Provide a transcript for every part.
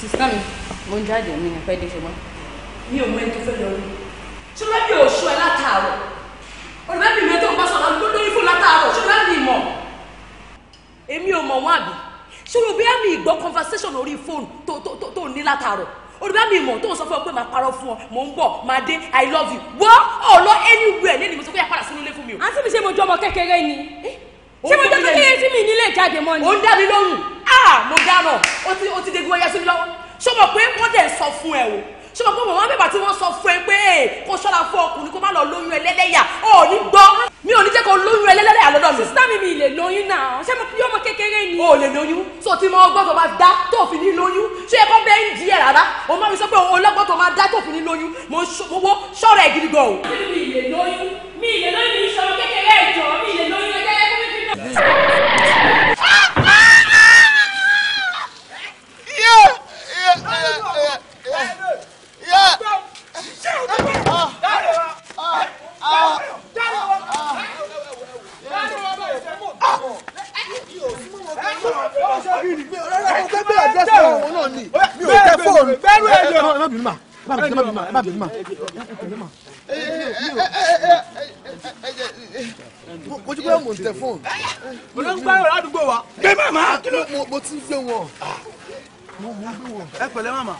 sísá mi mo ń jáde mi ò fẹ́ dé ṣùgbọ́n. mi ò mọ ẹni tó fẹ́ lọ rí ṣùgbọ́n mi ò ṣú ẹ látàárọ̀ olùbẹ́ mi mẹ́tọ́ bá sọ̀rọ̀ àdúgbò lórí fún látàárọ̀ ṣùgbọ́n mi mọ̀ èmi ò mọ̀ wọn àbí ṣùgbọ́n bí àmì ìgbọ́ conversation orí fóònù tó ní látàárọ̀ olùbẹ́ mi mọ̀ tó ń sọ fún ọ pé màá parọ́ fún ọ mò ń bọ̀ màá dé i love you wọ́ ọ̀lọ́ anywhere lẹ́nu mi sọ pé yà padà sínú ilé fún mi o. àǹtí mi ṣe mo jọ ọmọ kékeré ni eh? ṣé mo jọ kékeré tí mi nílé ìjáde mọ́ ni. ó ń dá mi lóhùn ah mo dáná ó ti dé gbọ́ yẹ sí mi lọ́wọ́ ṣé mo pé wọ́n dẹ̀ sọ fún ẹ o ṣé mo pé màmá bèbà tí wọ́n sọ fún ẹ pé kó ṣọ́ra fún ọkùnrin kó má lọ lóyún ẹlẹ́lẹ́yà ò ní gbọ́ mi ò ní jẹ́ kó lóyún ẹlẹ́lẹ́yà lọ́dọ̀ mi. sísá mi mi lè lóyún náà ṣé mo fi ọmọ kékeré ni. o lè lóyún tó ti mọ ọgbọ́n tó máa dá tó fi ní lóyún ṣé ẹ kọ́ bẹ́ẹ̀ ń di ẹ̀ rárá o máa fi sọ pé ọlọ́gbọ́n tó máa dá tó fi ní lóyún mo wo ṣọ́ra ẹ̀ gidi gan o. mi ì lè lóyún mi ì lè lóyún mi ì mojú pé mo ń tẹ fóònù. mo ló ń gbá ẹ̀rọ àdúgbò wa. gbé màmá. mo ti ń gbé wọn ẹ pẹ̀lẹ́ màmá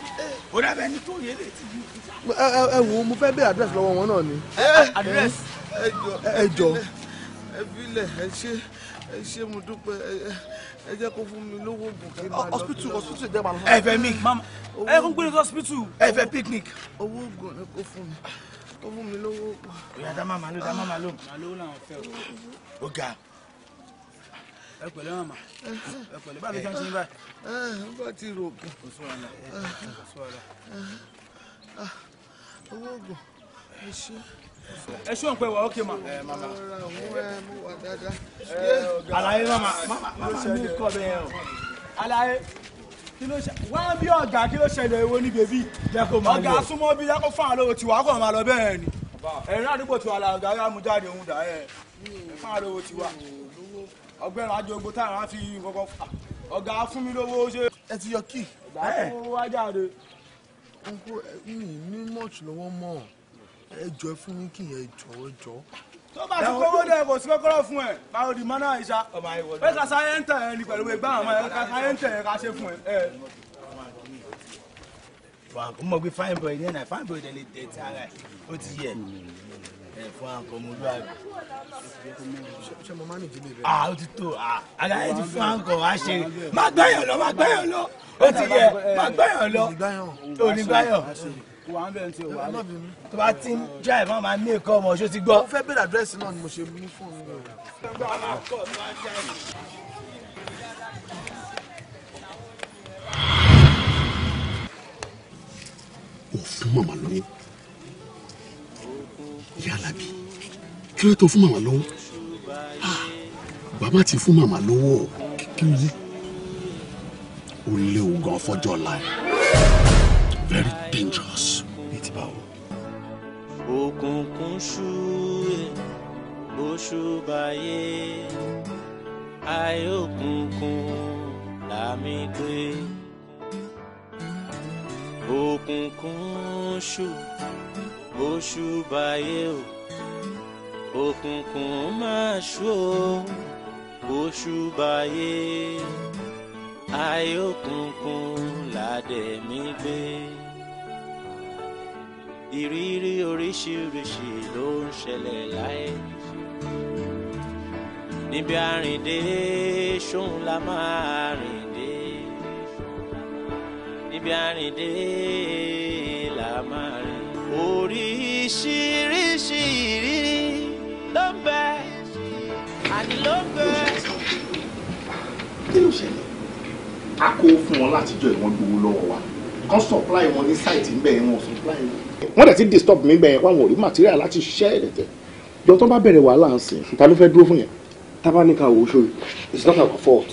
o dábẹ́ ẹni tó yẹ lè ti yí. ẹ wo mo fẹ́ bẹ àdírẹ́sì lọ́wọ́ wọn náà ni. àdírẹ́sì. ẹ jọ. ẹ bílẹ̀ ẹ ṣe ẹ ṣe mo dúpẹ́ ẹ jẹ́ kó fún mi lówó oògùn kí n máa lọ. hospital hospital jẹ́ màá lọ. ẹ fẹ́ mi ẹ kún gbé ní hospital ẹ fẹ́ picnic. owó oògùn ni kó fún mi kó fún mi lówó oògùn. ìyá dá màmá ló dá màmá ló. màá lówó làwọn fẹ́ o. ó ga ẹ pẹ̀lẹ́ màmá ẹ pẹ̀lẹ́ báyìí kan ti ń báyìí. n bá ti rò kàn. kò sọ àlà kò sọ àlà. owó oògùn ẹ ṣe. ẹ ṣé òun pé wà ókè mà. ẹ màmá ọ̀rọ̀ àwọn ẹ mú wà dáadáa. àlàyé màmá màmá mi kọ́ bẹ́ẹ̀ o àlàyé wọ́n bí ọ̀gá kí ló ṣẹlẹ̀ ewo ní bèbí ọ̀gá súnmọ́ bí yàgò fún àlọ́ tiwa kò máa lọ bẹ́ẹ̀ ni ẹ̀rín àdúgbò tiwa la ọ̀gá yà mú jáde òun dà ẹ̀ fún àlọ́ tiwa ọgbẹ́rún ajogbo táwọn á fi nǹkan kan ah, ọ̀gá fún mi lówó ṣe. ẹ ti yọ kí. ọ̀gá fún wájàre. nko mi ní mọ́ọ̀tì lọ́wọ́ mọ́ ẹ jọ ẹ fún mi kí yẹn jọ ẹ jọ. tó bá ti kówó dẹ kò sí kọ́kọ́rọ́ fún ẹ máa ò di mọ́nà ìṣá ẹ ká sáyé ń tẹ̀ ẹ ní pẹ̀lú ìgbà àwọn ẹ ká sáyé ń tẹ̀ ẹ ká ṣe fún ẹ. wà á mọ̀ pé fine boy ní ẹ̀ náà fine boy dẹ̀ lè tẹ̀ tí ara ẹ̀ ó ti yẹ ẹ̀fọn àkọmọlúwàbí. ṣé mo máa ń ìdílé rẹ. ah o ti tó ah àlàyé ti fún àǹkọ wá ṣe má gbáyàn lọ má gbáyàn lọ ó ti yẹ má gbáyàn lọ onígbáyàn tó bá ti ń já ẹ̀ máa ní ẹ̀kọ́ ọmọ ṣó ti gbọ́. mo fẹ́ bẹ̀rẹ̀ àdírẹ́sì náà ni mo ṣe mú fún mi. òfin màmá lóyún ìyá kí ló tó fún màmá lówó ah, bàbá ti fún màmá lówó kí ló yẹ ó léwu gan fọjọ́ ọ̀la ẹ̀ very dangerous ní ti báwo. òkùnkùn ṣú oṣù báyé ayé òkùnkùn làmì gbé òkùnkùn ṣú bóṣù báyé o òkùnkùn máa ṣú o bóṣù báyé ayé òkùnkùn ládẹ̀ mi gbé ìrírí oríṣiríṣi ló ń ṣẹlẹ̀ láyé níbi àrìndé ṣóun la máa rìndé níbi àrìndé la máa. Shiri shiri, ló ń bẹ àní ló ń bẹ. kí ló ṣẹlẹ̀ a kó fún wọn látijọ́ ìwọ̀n gbowó lọ́wọ́ wa kan supply wọn ní sáìtì ńbẹ wọn supply wọn. wọ́n dẹ̀ ti disturb mi bẹ́ẹ̀ wọ́n rí material láti ṣiṣẹ́ ẹ̀rẹ̀tẹ̀ jọ tó bá bẹ̀rẹ̀ wàhálà ń sìn ta ló fẹ́ dúró fún yẹn. tábà ní ká wò ó ṣòro it's not our fault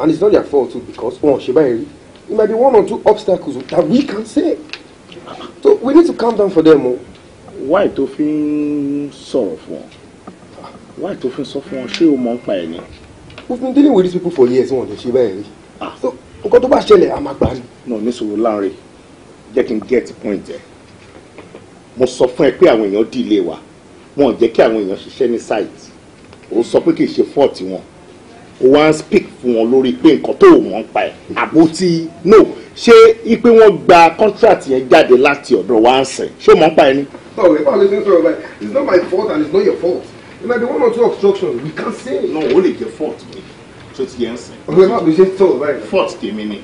and it's not their fault too because wọn ò ṣe báyìí rí it might be one or two obstacles that we can say so we need to calm down for them o. Oh wáì tó fi ń sọ̀rọ̀ fún ọ wáì tó fi ń sọ fún ọ ṣé o mọ̀ ń pa ẹ̀ ni. we've been dealing with these people for years wọn ò lè ṣe báyìí rí ah. so nǹkan tó bá ṣẹlẹ̀ a máa gbà ni. No, níṣòro Lanre jẹ́ kí n get point ẹ̀ mo sọ fún ẹ pé àwọn èèyàn dì ilé wa wọn ò jẹ́ kí àwọn èèyàn ṣiṣẹ́ ní site ó sọ pé kì í ṣe fault wọn ó wá ń speak fún wọn lórí pé nǹkan tó mọ̀ ń pa ẹ̀ àbótí no ṣé ipe wọn gba contract yẹn jáde láti ọ̀dọ̀ wa ń sìn ṣé o mọ̀ ń pa ẹ ni. No, oh, if I'm listening to her, it's not my fault and it's not your fault. It might be one or two obstructions. We can't say. No, Only your fault mi. Tó ti yẹ ń sìn. just má bèjẹ́ Fault tèmi me.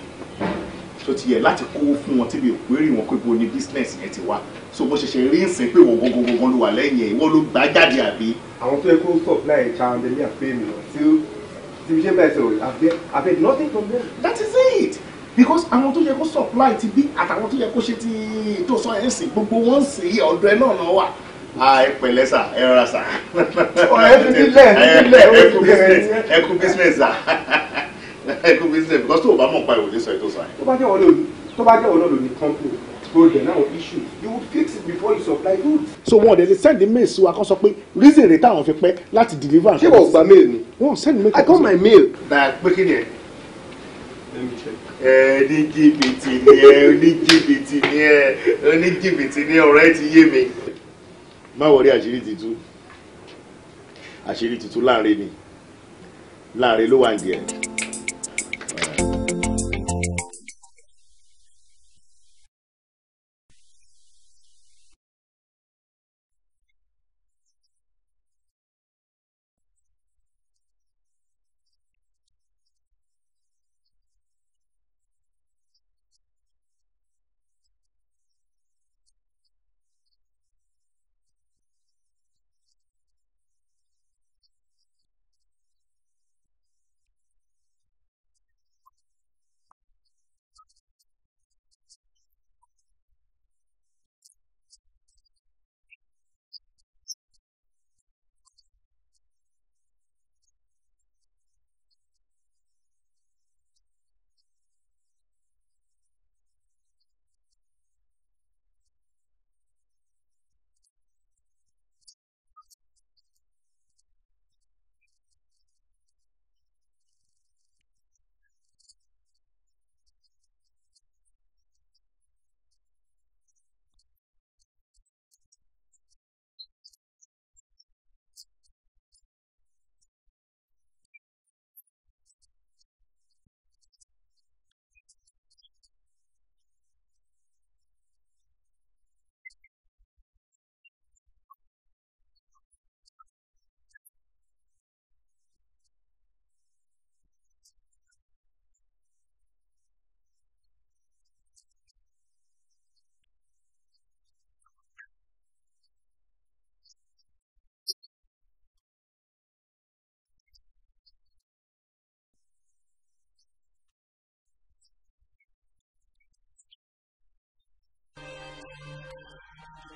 Tó ti yẹ láti kówó fún wọn tí mi ò péré wọn pé ni business yẹn ti wá. So mo ṣẹ̀ṣẹ̀ rí ń sìn pé wọ́n gbogbo gbogbo ló wà lẹ́yìn ẹ̀. Ìwọ ló gbá jáde àbí. Àwọn tó yẹ kó supply chandelier pay me until division by zero. I've had nothing from them. That is it because àwọn tó yẹ kó supply ti bí àtàwọn tó yẹ kó ṣe ti tó sọ ẹ̀ ń sìn gbogbo wọn ń sìn ọ̀dọ̀ ẹ náà náà wà ah, ẹ pẹ̀lẹ́ sà ẹ rọra sà. ọ̀rẹ́ ẹ kú business ẹ kú business sà ẹ kú business because tó o bá mọ̀ pa ìwòye sọ ètò sọ yẹn. tó bá jẹ́ wọlé òní tó bá jẹ́ wọlé òní company issue you would fix it before you supply goods. so wọn ò dẹ̀ lè send mail sí wa kan sọ pé reason rẹ̀ táwọn fi pẹ́ láti deliver. ṣé wọ́n gba mail ni. wọ́n send mail. i got my mail. dà pé kí ni ẹ. let me check oníjìbìtì ni ẹ oníjìbìtì ni ẹ oníjìbìtì ni ọ̀rẹ́ ti yé mi. má wọrí àṣírí ti tú àṣírí ti tú láàrin ni láàrin ló wà ń jẹ.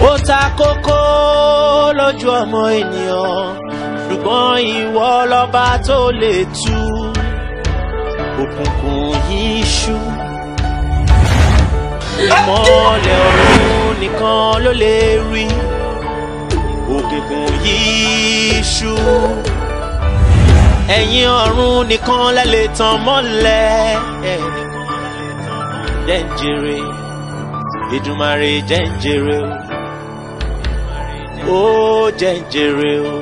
ó ta kókó lójú ọmọ ènìyàn ṣùgbọ́n ìwọ lọ́ba tó lè tú òkùnkùn yìí ṣú. ìmọ̀lẹ̀ ọ̀run nìkan ló lè rí i òkùnkùn yìí ṣú ẹ̀yin ọ̀run nìkan lẹ lè tàn mọ́lẹ̀ jẹ́ǹjẹ̀rẹ̀ Èdùmàrè jẹ́ǹjẹ̀rẹ̀ o ó jẹ́ǹjẹ̀rẹ̀ o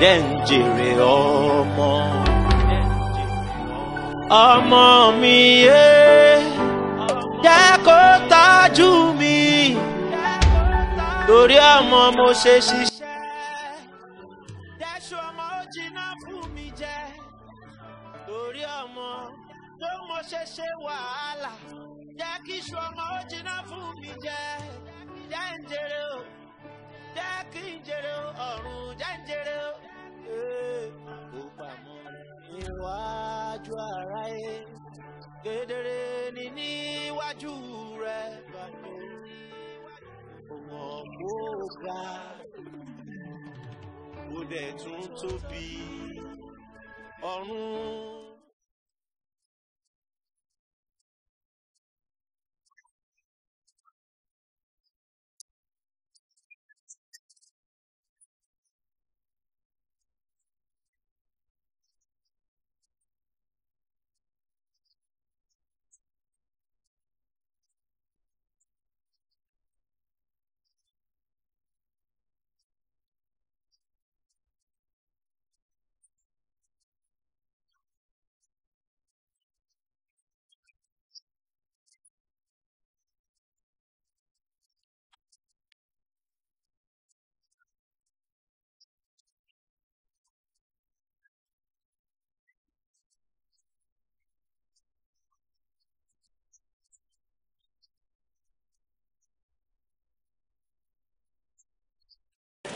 jẹ́ǹjẹ̀rẹ̀ ọmọ ọmọ mi yéé. torí ọmọ mo ṣe ṣiṣẹ́ dẹ́sù ọmọ ó jiná fún mi jẹ torí ọmọ tó mo ṣe ṣe wàhálà jẹ́ kí iṣu ọmọ ó jiná fún mi jẹ jẹ́ ń jèrè o jẹ́ kí ń jèrè ọ̀run jẹ́ o ó pamọ́ níwájú ara ẹ̀ kedere ni níwájú rẹ̀ mọ̀ mo ga mo dẹ̀ tún tóbi ọ̀run.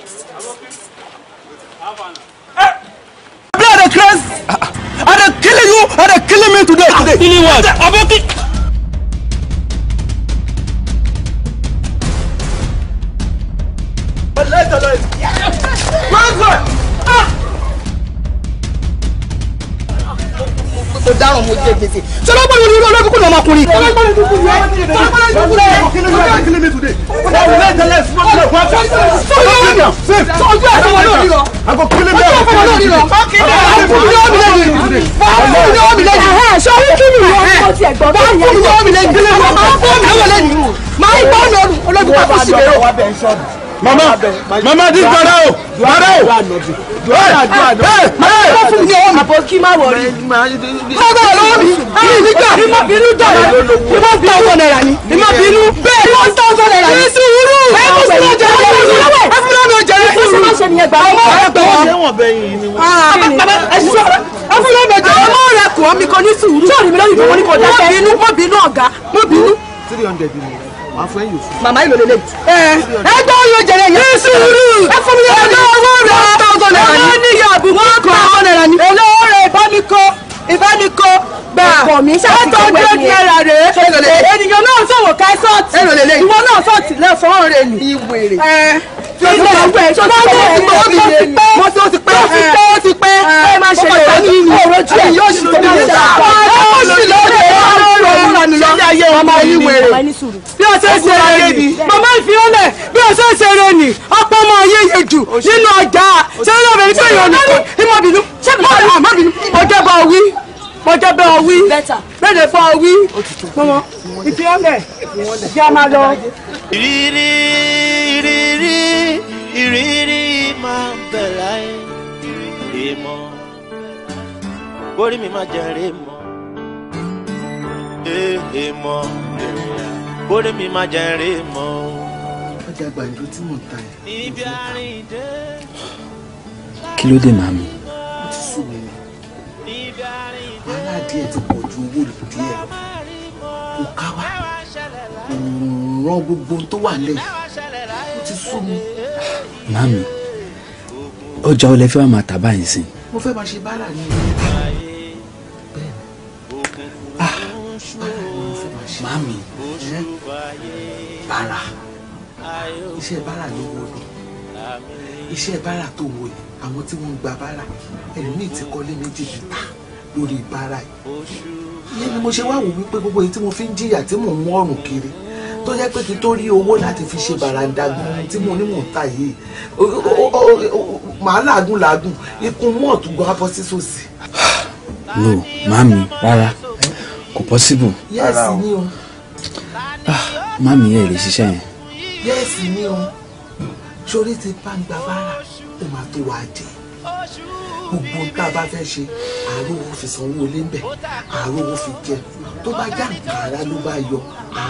Play the crazy. Are they killing you? Are they killing me today? Ah, today. Killing what? Aboki. But let's go. Where's one? mo dáràn mo jẹ gbèsè ọmọkùnrin. mama mama di gbada o duwara duwara nọbi duwara duwara nọbi. máa bá fún mi ọwọ́ mi. àbọ̀ kí má wọrí. máa bá lọ́wọ́ mi. kí ni gbà kí má bínú dọ̀rọ̀ kí má bínú ọwọ́ náírà ni. kí má bínú bẹ́ẹ̀ ni wọ́n tọ́wọ́ náírà ni. kí sùúrù. ẹ kú sí ọjà rẹ kú sí ọjà rẹ kú sí ọjà rẹ kú sí ọjà rẹ kú sí ọjà afúlẹ́mi ọjà ọmọ rẹ kọ́ mi kọ́ ní sùúrù. sọ̀rọ̀ mi lórí mi wọ́n ní kọ́ dákẹ́. mo bínú ọ̀gá mo bínú. three hundred ni màá fún ẹyìn òfin. màmá ìlò lélẹ̀. ẹ ẹgbẹ́ oyún jẹrẹ yẹn. ní ẹ fún mi yẹn. ẹgbẹ́ owó rẹ̀ one thousand ni. wọ́n ní yàgò mú kọ́ one thousand ni. èlò rẹ̀ ìbánikọ́ ìbánikọ́ gbà. ọkọ mi ṣàtìkọ́ pẹ̀lú ènìyàn náà sọ̀wọ́ ká sọ́ọ̀tì. ìwọ náà sọ́ọ̀tì lẹ́fọ̀ọ́ rẹ̀ ni. ìwèrè. ẹ tí o ti pẹ́ tí o ti pẹ́ mo ti o ti pẹ́ o ti pẹ́ o ti pẹ́ ẹ máa ṣe lọ́wọ́ ní ìlú ọ̀rọ̀ jù ẹ̀ yóò ṣì tó bí mi sá. ọ̀rọ̀ sì lọ́wọ́ wèrè ṣẹlẹ̀ ayé ọmọ yín wèrè bí o ṣe ṣe ni màmá ìfihànlẹ̀ bí o ṣe rẹ ni ọ̀pọ̀ ọmọ ayé yẹ jù nínú ọjà ṣẹlẹ̀ ọmọ ìfihàn yọ nìkan ìmọ̀bìnú ìmọ̀bìnú ọjọ́ bá wí ọjọ́ bá wí bẹ́ẹ̀ bá wí mọ̀mọ́ ìfihànlẹ̀ kí a lọ. ìrírí ìrírí ìrírí máa ń bẹ̀ láyé ìmọ̀ borí mi máa jẹ́ rèé mọ́ èèmọ̀ bóde mi máa jẹ eré mọ́. ọjà gbàǹjo tí mò ń ta ẹ̀. kí ló dé màmí. ó ti sùn mí ni wàhálà díẹ̀ ti pọ̀ ju owó díẹ̀ kò ká wa ràn gbogbo tó wà lẹ̀ ó ti sùn mí. màmí ọjà olè fẹ́ máa tà báyìí sí. mo fẹ́ máa ṣe bárà ni. màmí eh? Bala. iṣẹ́ Bala ló wọ́ lọ iṣẹ́ bàrà tó wọ yìí àwọn tí wọ́n ń gba bàrà ẹlòmíì ti kọ́lé méjì mẹ́ta lórí bàrà yìí ìyẹn ni mo ṣe wá wò wípé gbogbo èyí tí mo fi ń jìyà tí mò ń mú ọrùn kiri tó jẹ́ pé kí tó rí owó láti fi ṣe bàràǹdà gan tí mo ní mò ń ta yìí màá làágùn làágùn ikùn mọ́ọ̀tún gan abọ́ sísòsì. lo màmí rárá kò possible. yẹ́ẹ̀sì ni o. má mi ah, ẹ̀ lè ṣiṣẹ́ yẹn. yẹ́ẹ̀sì ni o sórí ti pàǹgbà bára ó máa tó wàá jẹ gbogbo tá a bá fẹ́ ṣe àárò wo fi sanwó ilé ń bẹ̀ àárò wo fi jẹ tó bá já nǹkan ara ló bá yọ à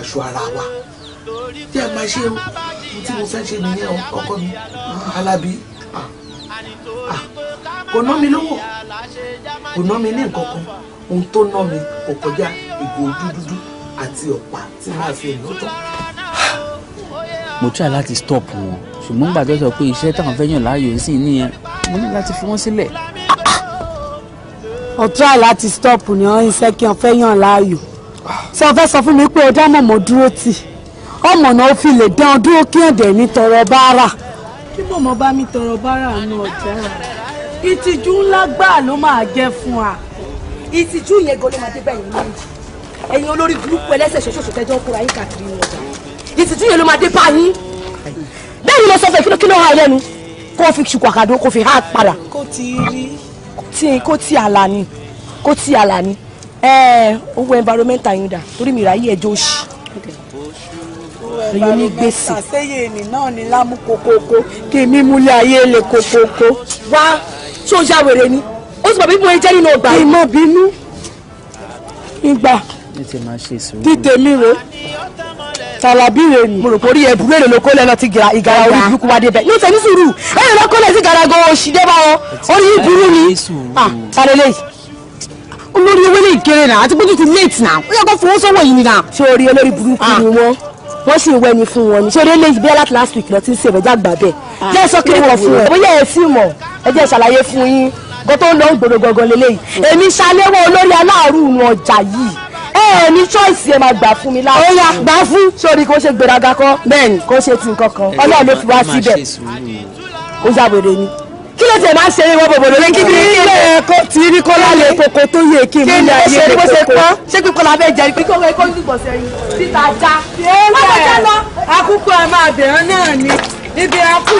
aṣọ ara wa tí ẹ máa ṣe o tí mo fẹ́ ṣe nìyẹn ọkọ mi alábí kò ná mi lówó kò ná mi ní nǹkan kan ohun tó ná mi kò kọjá ìgò ojú dúdú àti ọ̀pá tí màá fi lọ́tọ̀. mo try láti stop wọn ṣùgbọ́n gbàgbọ́ sọ pé iṣẹ́ táwọn fẹ́ yàn láàyò ń sìn nìyẹn mo ní láti fi wọ́n sílẹ̀. o try láti stop ni ọ́n iṣẹ́ kí wọ́n fẹ́ yàn láàyò ṣé o fẹ́ sọ fún mi pé ọjọ́ mọ̀ mọ́ dúró tì ọmọ náà fi lè dán ọ dúró kí ẹ̀dẹ̀ ní tọrọ báárà. kí mọ̀mọ́ bá mi tọrọ báárà nù ọ̀jẹ̀ ìtìjú ńlá gbáà ló máa jẹ́ fún wa ìtìjú yẹn gan ló máa dé báyìí méjì ẹ̀yin olórí burúkú ẹlẹ́sẹ̀ ṣoṣoṣo tẹ́jọ́ ń kóra yín káàkiri wọn jà ìtìjú yẹn ló máa dé báyìí bẹ́ẹ̀ ni mo sọ fún ẹ kí ló hàn lẹ́nu kó fi ṣùkọ́ àkàdó kó fi hàn padà. kó ti rí. kó ti àlà ni kó ti àlà ni owó environmental yín dà torí mi ráyè ẹjọ́ òṣì èyí ní gbèsè. àṣeyẹ èmi náà ni lámú kokoko kí mímúlẹ̀ ayé lè kokoko. wá sójà wèrè ni ó sì mọ̀ bí mo jẹ́ nínú ọgbà. ìmọ̀ bínú ìgbà títèmi rè tàlàbí rè ni. mo rò pé orí ẹ burú èrè ló kó lẹ́nu ti ìgara orí burúkú wá débẹ̀ ní tẹ̀mí sùúrù èrè ló kó lẹ́nu ti ìgara gan oṣù dé báwọn orí yìí burú ni sáré lẹ́yìn olórí owó lè kéré náà àti gbójú ti late náà ó yẹ kó fowó sọ́wọ́ yìí náà. ṣé orí olórí burúkú ni ah. wọ́n wọ́n sì wẹ́ni fún wọn ni ṣé orí eléyìí bí aláàtì last week lọ ti ń ṣe ìbẹ̀já gbà bẹ́ẹ̀ ah. jẹ́ sọ́kè wọ̀ fún ẹ bóyá ẹ sì mọ̀ ẹ jẹ́ ṣàlàyé fún yín nǹkan tó ń lọ ń gbòòrò gangan lélẹ́yìí èmi ṣaléwọ́ olórí aláàrú ìrùn ọjà yìí ẹ ní choice ẹ máa gbà fún mi láti. ó gbà fún. sórí kó ṣe gbéraga kan. bẹ́ẹ̀ni kó ṣe ti nǹkan kan Ọlọ́run ló fi wá síbẹ̀ ó yàwèrè ni kí ló tẹ̀ máa ṣe é wọ́n bòbò lórí kíbi ilé ẹ̀kọ́ tí rí kó lálẹ́ koko tó yẹ kí mi ní ayé rẹ̀ koko. kí ni ṣe pípọ́ la bẹ́ẹ̀ jẹ́ pípọ́ wẹ́ kó ní ìgbọ̀nsẹ̀ yìí síta já. wọ́n lọ jẹ́ lọ. akúkọ ẹ máa bẹ̀rẹ̀ náà ni ibi akú.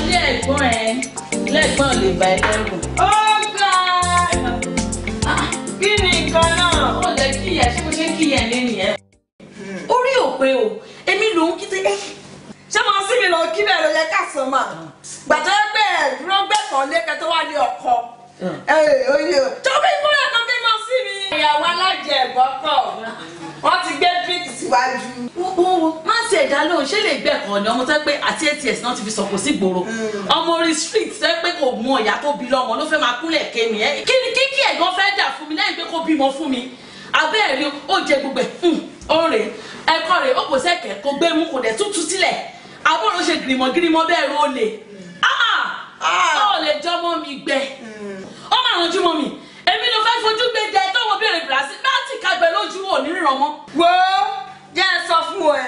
ilé ẹ̀gbọ́n ẹ̀ lẹ́gbọ̀n lè bá ẹlẹ́rù. ó ga ah, kí ni nǹkan náà. ó lè kíyà ṣé mo ṣe ń kíyà ní nìyẹn. orí òpè o èmi ló ń kíte ẹ. Eh, ṣé màá sí mi lọ kí bẹ́ẹ̀ ló yẹ ká sọ mà. gbàtọ́ ẹgbẹ́ ẹ̀ dúró gbẹ̀kan lé kẹ́tọ́ wá ní ọkọ. ẹ ẹ oye o. tó bí ìmúra kan bí sí mi. ìyàwó alájẹ ẹ̀gbọ́n kọ̀ wọ́n ti gbé bíìkì síwájú. má ti ẹ̀dá lóhùn ṣé lè gbẹ̀kọ̀ ni ọmọ tó pé àti ats náà ti fi sọ̀kò sí gbòòrò hmm. ọmọ orí street tó pé kò mọ ìyá tó bí lọ́mọ ló fẹ́ máa kúnlẹ̀ ké mi ẹ́ kí kí ẹ̀gbọ́n fẹ́ dà fún mi lẹ́yìn pé kó bímọ fún mi abẹ́ẹ̀rí ó jẹ gbogbo ẹ̀ hmm, ó rè ẹ̀kọ́ rè ó kò sẹ́kẹ̀ kó gbé mú kò dẹ̀ tútù sílẹ̀ àbúrò ṣe gìrìmọ̀gìrìmọ̀ bẹ́ẹ̀ ro lè ah, ah. ó lè jọmọ́ mi gbẹ hmm. ó máa ranjú mọ́ mi èmi ló fẹ́ fojú gbé jẹ tó wọ bèrè brazil bá ti kagbẹ lójú wò ní ríran mọ́. wo jẹ́ ẹ sọ fún ẹ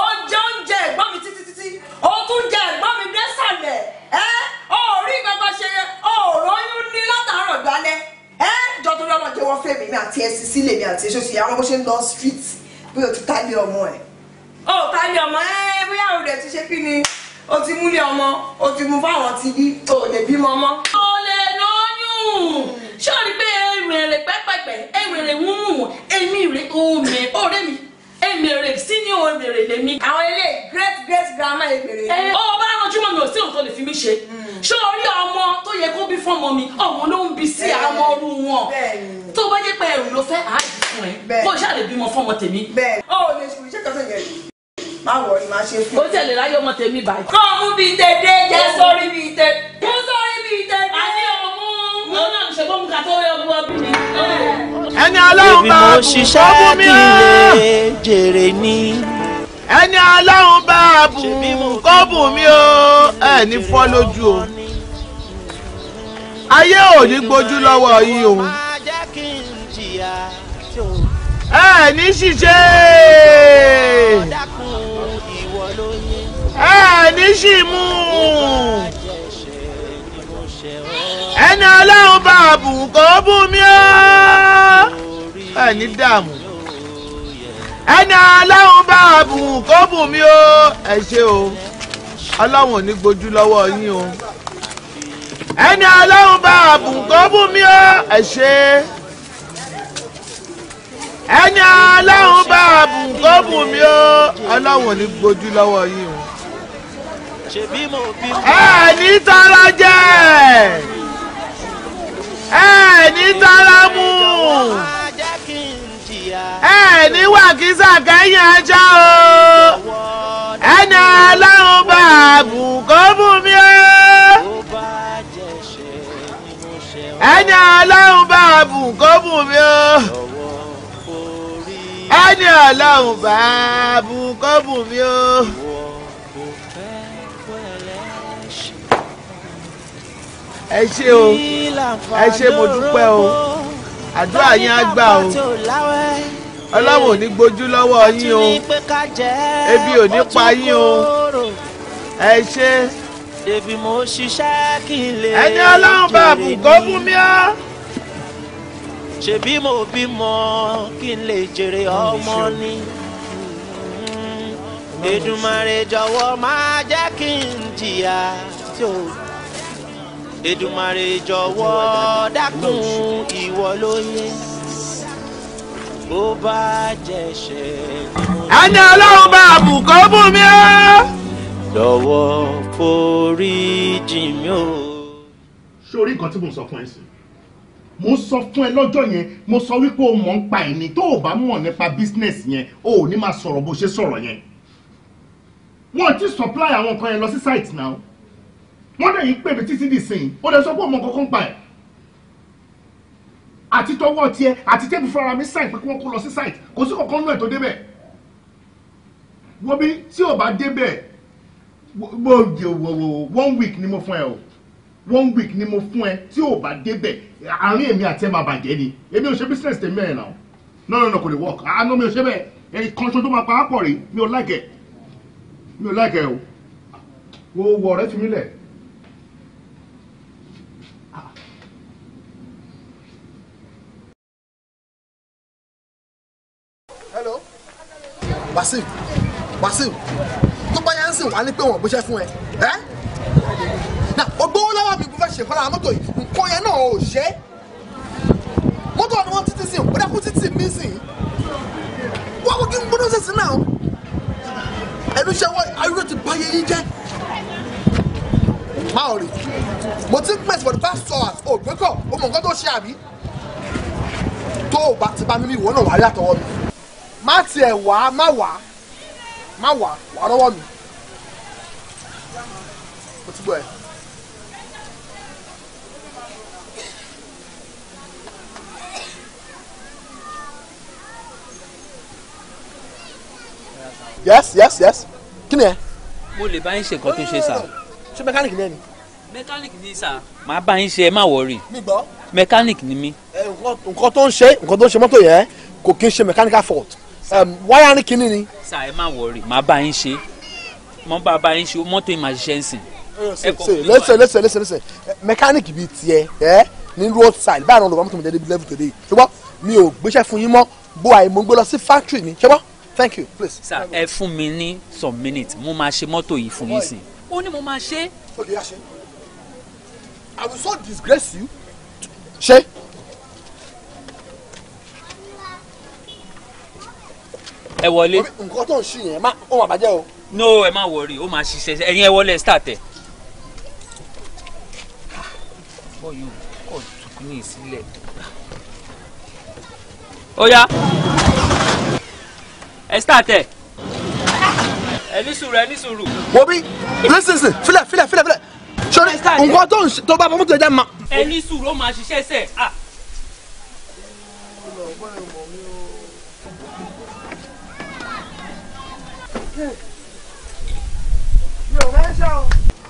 oúnjẹ oúnjẹ ẹ̀gbọ́n mi títí títí ó tún jẹ ẹ̀gbọ́n mi dẹ́sàlẹ̀ ẹ ó rí kankan ṣe ó lóyún ní látàárọ̀ gbalẹ̀ ẹ jọ torí ọmọ jẹ́wọ́ fẹ́ mi àti ẹsì sílẹ̀ mi àti ẹṣọ́sì àwọn bó ṣe ń lọ street bí o ti tálé ọmọ ẹ. o tálé ọmọ ẹ bóyá o rẹ̀ ti ṣe kí ni o ti múlé ọmọ o ti mú fáwọn ti bí o lè bímọ ọmọ. o lè lóyún sọ́ọ̀rì pé ewèrè pẹ́pẹ́pẹ́ ewèrè wúwùn èmi rè omi ọ̀rẹ́ mi emèrè sí ní emèrè lèmi. àwọn ilé great great grandma emèrè. ó bá ránjú mọ́ mi ò sí òun tó lè fi mí ṣe hmm. ṣé orí ọmọ tó yẹ kó bí fún ọmọ mi ọmọ ló ń bí sí àmọ́ ọrú wọn tó bá jẹ́ pé ẹrù ló fẹ́ àájú fún ẹ kó o ṣáà lè bímọ fún ọmọ tèmi. bẹ́ẹ̀ ọ ò lè ṣùgbọ́n iṣẹ́ kan tó yẹ má wọ ni má ṣe fún. ó tẹ̀lé láyé ọmọ tèmi báyìí. kọ́ ọmú bíi tètè jẹ́ sórí bíi tètè. jẹ́ sórí bíi tètè. àní ọmọ ẹni aláhùn bá bùkọ́ fún mi ó jèrè ni. ẹni aláhùn bá bùkọ́ fún mi ó ẹni fọ́ lójú o. ayé ò ní gbójú lọ́wọ́ yín o. ẹni ṣiṣẹ́ ẹni ṣì mú ẹni ọlọ́run bá àbùkù kò bú mi ó ẹni dààmú ẹni ọlọ́run bá àbùkù kò bú mi ó ẹ ṣe o ọlọ́run ò ní gbojú lọ́wọ́ yín o ẹni ọlọ́run bá àbùkù kò bú mi ó ẹ ṣe ẹni ọlọ́run bá àbùkù kò bú mi ó ọlọ́run ò ní gbojú lọ́wọ́ yín o. ẹni tọ́lá jẹ́ ẹ̀ ẹ ní tálámù ẹ ní wàkísà kẹ́yìn ajá o ẹni aláwọ̀ bá àbùkọ́ bù mí o ẹni aláwọ̀ bá àbùkọ́ bù mí o ẹni aláwọ̀ bá àbùkọ́ bù mí o. ẹ ṣé o ẹ ṣé mo dúpẹ́ o àdúrà yín á gbà o ọlọ́run ò ní gbójú lọ́wọ́ yín o ebi ò ní pa yín o ẹ ṣé. ṣèbí mo ṣiṣẹ́ kí n lè jèrè mi ẹni ọlọ́run bá àbùkọ́ fún mi á. ṣèbí mo bímọ kí n lè jèrè ọmọ ni. Èdùmàrè jọ̀wọ́ máa jẹ́ kí n jìyà tí o. Èdùmàrè jọ̀wọ́ dákun ìwọ lóye bó bá jẹ̀ṣẹ̀ ni mo. ẹni ọlọ́run bá àbùkọ́ fún mi ó. lọ́wọ́ forí jì mí o. sórí nǹkan tí mo sọ fún ẹ sí mo sọ fún ẹ lọ́jọ́ yẹn mo sọ wípé o mọ̀ ń pa ẹ̀mí tó o bá mọ̀ nípa bísínẹ́sì yẹn o ò ní máa sọ̀rọ̀ bó ṣe sọ̀rọ̀ yẹn wọ́n ti supply àwọn nǹkan yẹn lọ sí site náà wọ́n dẹ̀ yín pè mí títí dìsìn ó lè sọ pé òun mọ kankan pa ẹ̀ àti tọwọ́ tiẹ̀ àti tẹ́bù fúnra mi sáì pé kí wọ́n kó lọ sí sáì kò sí kankan nù ẹ̀ tó débẹ̀ wọ́n bí tí ò bá débẹ̀ wọ́n one week ni mo fún ẹ o one week ni mo fún ẹ tí ò bá débẹ̀ àárín èmi àti ẹ máa bàjẹ́ ni èmi ò ṣe business tèmi ẹ̀ náà no no no kò lè work àánú ah, mi ò ṣe bẹ́ẹ̀ ẹ̀kan ṣoṣo máa pa á pọ̀ rí mi ò like ẹ mi ò like ẹ o wo wọ̀ ọ̀rẹ́ fi mí lẹ̀. Wàsíù Wàsíù tó bá yá ń sìn wá ní pé wọ́n gbéṣẹ́ fún ẹ ẹ́ na ogbówó lọ́wọ́ mi kò fẹ́ ṣe fọ́nra mọ́tò nǹkan yẹn náà ò ṣe mọ́tò ọ̀dọ́ wọn títí sìn ó dẹ́kun títí mi sìn wọ́n kò kí n gbóná sísìn náà ẹnu ṣe wọ́n ayúdó ti bá yẹyí jẹ́ máa rí mo ti ń pèsè for the past two hours ò gbẹ́kọ̀ mọ̀ nǹkan tó ṣe àbí tó o bá ti bá mímí ìwọ náà wà á rí àtọwọ́ mi má tiẹ̀ wá má wá má wá wà rọ́wọ́ mi mo ti gbọ́ ẹ. yes yes yes kí ni ẹ. mo lè bá yín ṣe nǹkan tó ṣe sá. ṣé mẹkáníìkì ni ẹ ni. mẹkáníìkì ni sá. màá bá yín ṣe ẹ má wọrí. mi gbọ́. mẹkáníìkì ni mí. nǹkan tó ń ṣe nǹkan tó ń ṣe mọ́tò yẹn kò kí ń ṣe mechanical fault Um, wáyà ní kinní ni. sà ẹ má wọrí màá bá yín ṣe mọ bá bá yín ṣe mọ́tò yìí máa ṣiṣẹ́ nsìn. Eh, lẹ́sẹ̀ lẹ́sẹ̀ lẹ́sẹ̀ lẹ́sẹ̀ eh, mẹkáníìkì bíi tiẹ̀ ẹ́ ní road side báyìí lọ́wọ́ mọ́tò mi dẹ́ẹ́dẹ́ level today ṣùgbọ́n mi ò gbéṣẹ́ fún yín mọ́ bó àìmọ́ gbé lọ sí factory mi ṣùgbọ́n thank you please. sà ẹ fún mi ní some minutes mo máa ṣe mọ́tò yìí fún yín sìn. ó ní mo máa ṣe. okay, I will so disgrace you. ṣe. ẹ wọlé. nǹkan tó ń ṣe yẹn ó máa bàjẹ́ o. no ẹ má wọrí ó máa ṣiṣẹ́ ẹ̀yin ẹ wọlé start ẹ̀. bọ́ yóò kọ́ ní ìsílẹ̀. ó yá ẹ start ẹ̀ ẹ ní sùúrù ẹ ní sùúrù. wo bí nísinsìnyí filẹ̀ filẹ̀ filẹ̀ filẹ̀ sori nǹkan tó ń ṣe tó bá fọmọ́tò ẹja ma. ẹ ní sùúrù ó máa ṣiṣẹ́ sẹ́ẹ̀. Ah.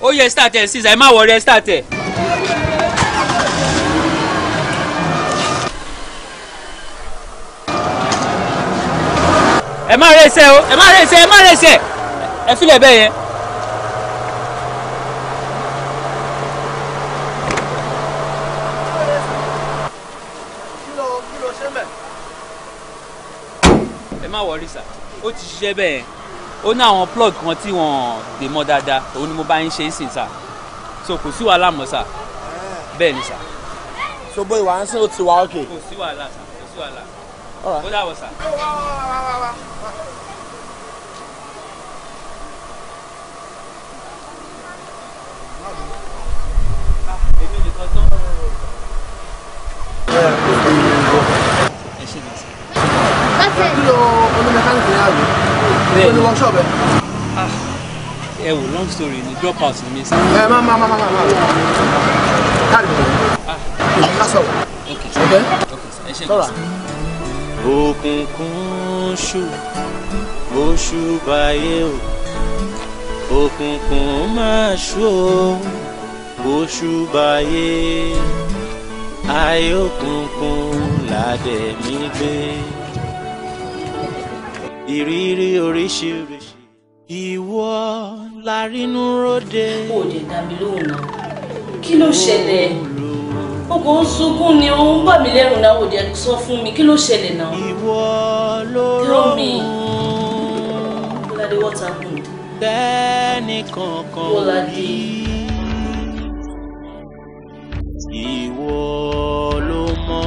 ó oh, yẹ start ẹ sísan ẹ má wọrí ẹ start ẹ. ẹ má rẹ o ẹ má rẹ ẹsẹ ẹ má rẹ ẹsẹ ẹ filẹ bẹ́ẹ̀ yẹn. ẹ má wọrí sá ó ti ṣiṣẹ́ bẹ́ẹ̀ ó ní àwọn plug kan tí wọ́n dè mọ́ dáadáa òun ni mo bá ń ṣe é sìn sà so kò sí wàhálà mọ́ sà eh. bẹ́ẹ̀ ni sà. so bóyá wàá ń sìn ó ti wá òkè. kò sí wàhálà sà kò sí wàhálà ó dàbọ̀ sà. èmi nìkan tán. ẹ ṣe lè sè. láti lo onímọ̀ká nìkan yàrá bẹ́ẹ̀ ni workshop ẹ. ẹ wò long story ni drop out ni mi. ẹ eh, ah. má má má má má má káàdì mi Okay. Okay. Okay. sọ̀rọ̀. òkùnkùn ṣù oṣù báyé o òkùnkùn máa ṣù oṣù báyé ayé òkùnkùn làdẹ̀ mi gbé ìrírí oríṣiríṣi ìwọ larínú ròde. ó dé dá mi lóhùn náà kí ló ṣẹlẹ̀ o kò ń sunkún ni ó ń bà mí lẹ́rù náà ó dé sọ fún mi kí ló ṣẹlẹ̀ náà. ìwọ ló rọrùn. Bọ́ládé what happened. tẹ́ni kankan ò ìwọ ló mọ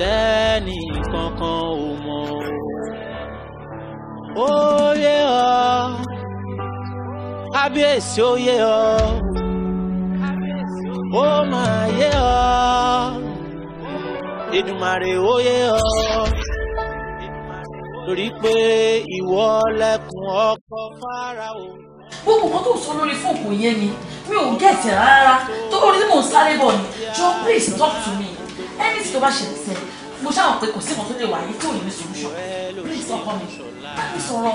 tẹ́ni kankan ò oyè ọ kábíyèsí oyè ọ ó máa yé ọ Èdùmàrè oyè ọ torí pé ìwọ lẹkùn ọkọ Fáráò. gbogbo nǹkan tó sọ lórí fóònù kò yé mi mi ò gẹ̀ẹ́sì rárá tó lórí tí mò ń sáré bọ̀ ni John please talk to me anything tó bá ṣe ń sẹ́yìn mo ṣáà pé kò sí tó lè wà yìí tí ò ní solution please ọkọ mi bá mi sọ̀rọ̀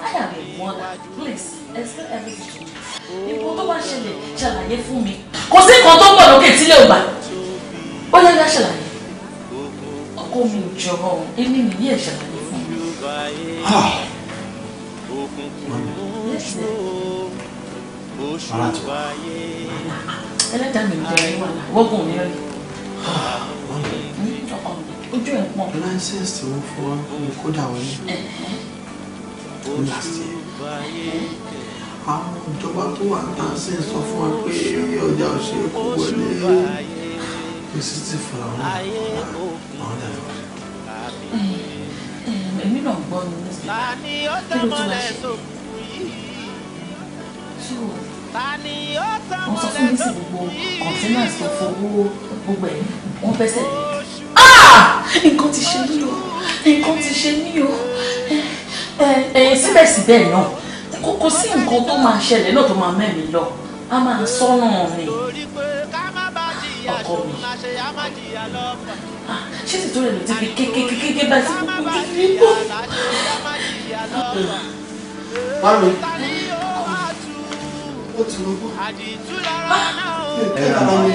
I am a mother please explain everything to me ipò tó bá ṣẹlẹ̀ ṣàlàyé fún mi kò sí nǹkan tó ń bọ̀ lókè tí lè wà ó yẹ ká ṣàlàyé ọkọ mi ò jọ̀rọ̀ èmi nìyí ẹ̀ ṣàlàyé fún mi. Ah. ẹlẹ́dàá mi ń bẹ̀rẹ̀ wà láwọ́gùn mi rí ojú ẹ̀ pọ̀. license tí wọ́n fún mi kódà wọlé last year àwọn ìjọba tó wà láǹsì sọ fún wa pé iye ọjà òṣè kò wọlé kò sì ti fún àwọn àwọn dàgbà. èmi náà gbọ́ ní nísìnyí kí ló tún máa ṣe. mo sọ fún mi sí gbogbo kọ̀ńtínà tó fowó gbogbo ẹ̀ wọ́n bẹ́sẹ̀ ah! nǹkan ti ṣe mí o nǹkan ti ṣe mí o eh, eh, eh, síbẹ̀síbẹ̀ náà kókó sí nǹkan tó máa ṣẹlẹ̀ náà tó máa mẹ́mi lọ a máa sọ́nà mi ọkọ mi ah, ṣé tìtò rẹ̀ ló ti fi kékékéké bá sí kókó tó fi kó. Mami, ó ti rúgbó. Ẹ ẹ mami.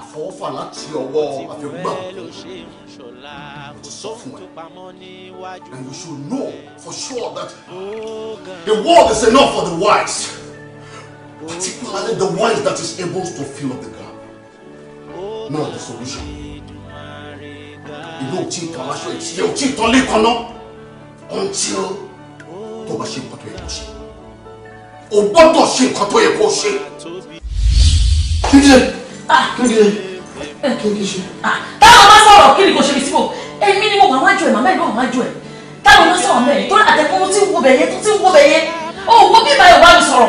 àfọwọ́fà láti ọwọ́ àfẹ́gbà sọ fún ẹ and you should know for sure that the world is enough for the wise particularly the wise that is able to fill up the gap not the solution ìlú òtí ìtàn aṣọ ìtìyẹ òtí ìtàn lẹ́kọ̀ọ́ náà until tó bá ṣe nǹkan tó yẹ kó ṣe o gbọ́dọ̀ ṣe nǹkan tó yẹ kó ṣe. Ah, kí ni eh, kí ni ṣe. Ah, táwọn máa sọ̀rọ̀ kí ni kò ṣe sí o èmi ni mo wà wájú ẹ̀ màmá ẹ̀ ló wà wájú ẹ̀ táwọn máa sọ̀rọ̀ mẹ́rin tó àtẹkùn tí ń wo bẹ̀yẹ tó ti ń wo bẹ̀yẹ o wo bí ìbáyọ̀ bá mi sọ̀rọ̀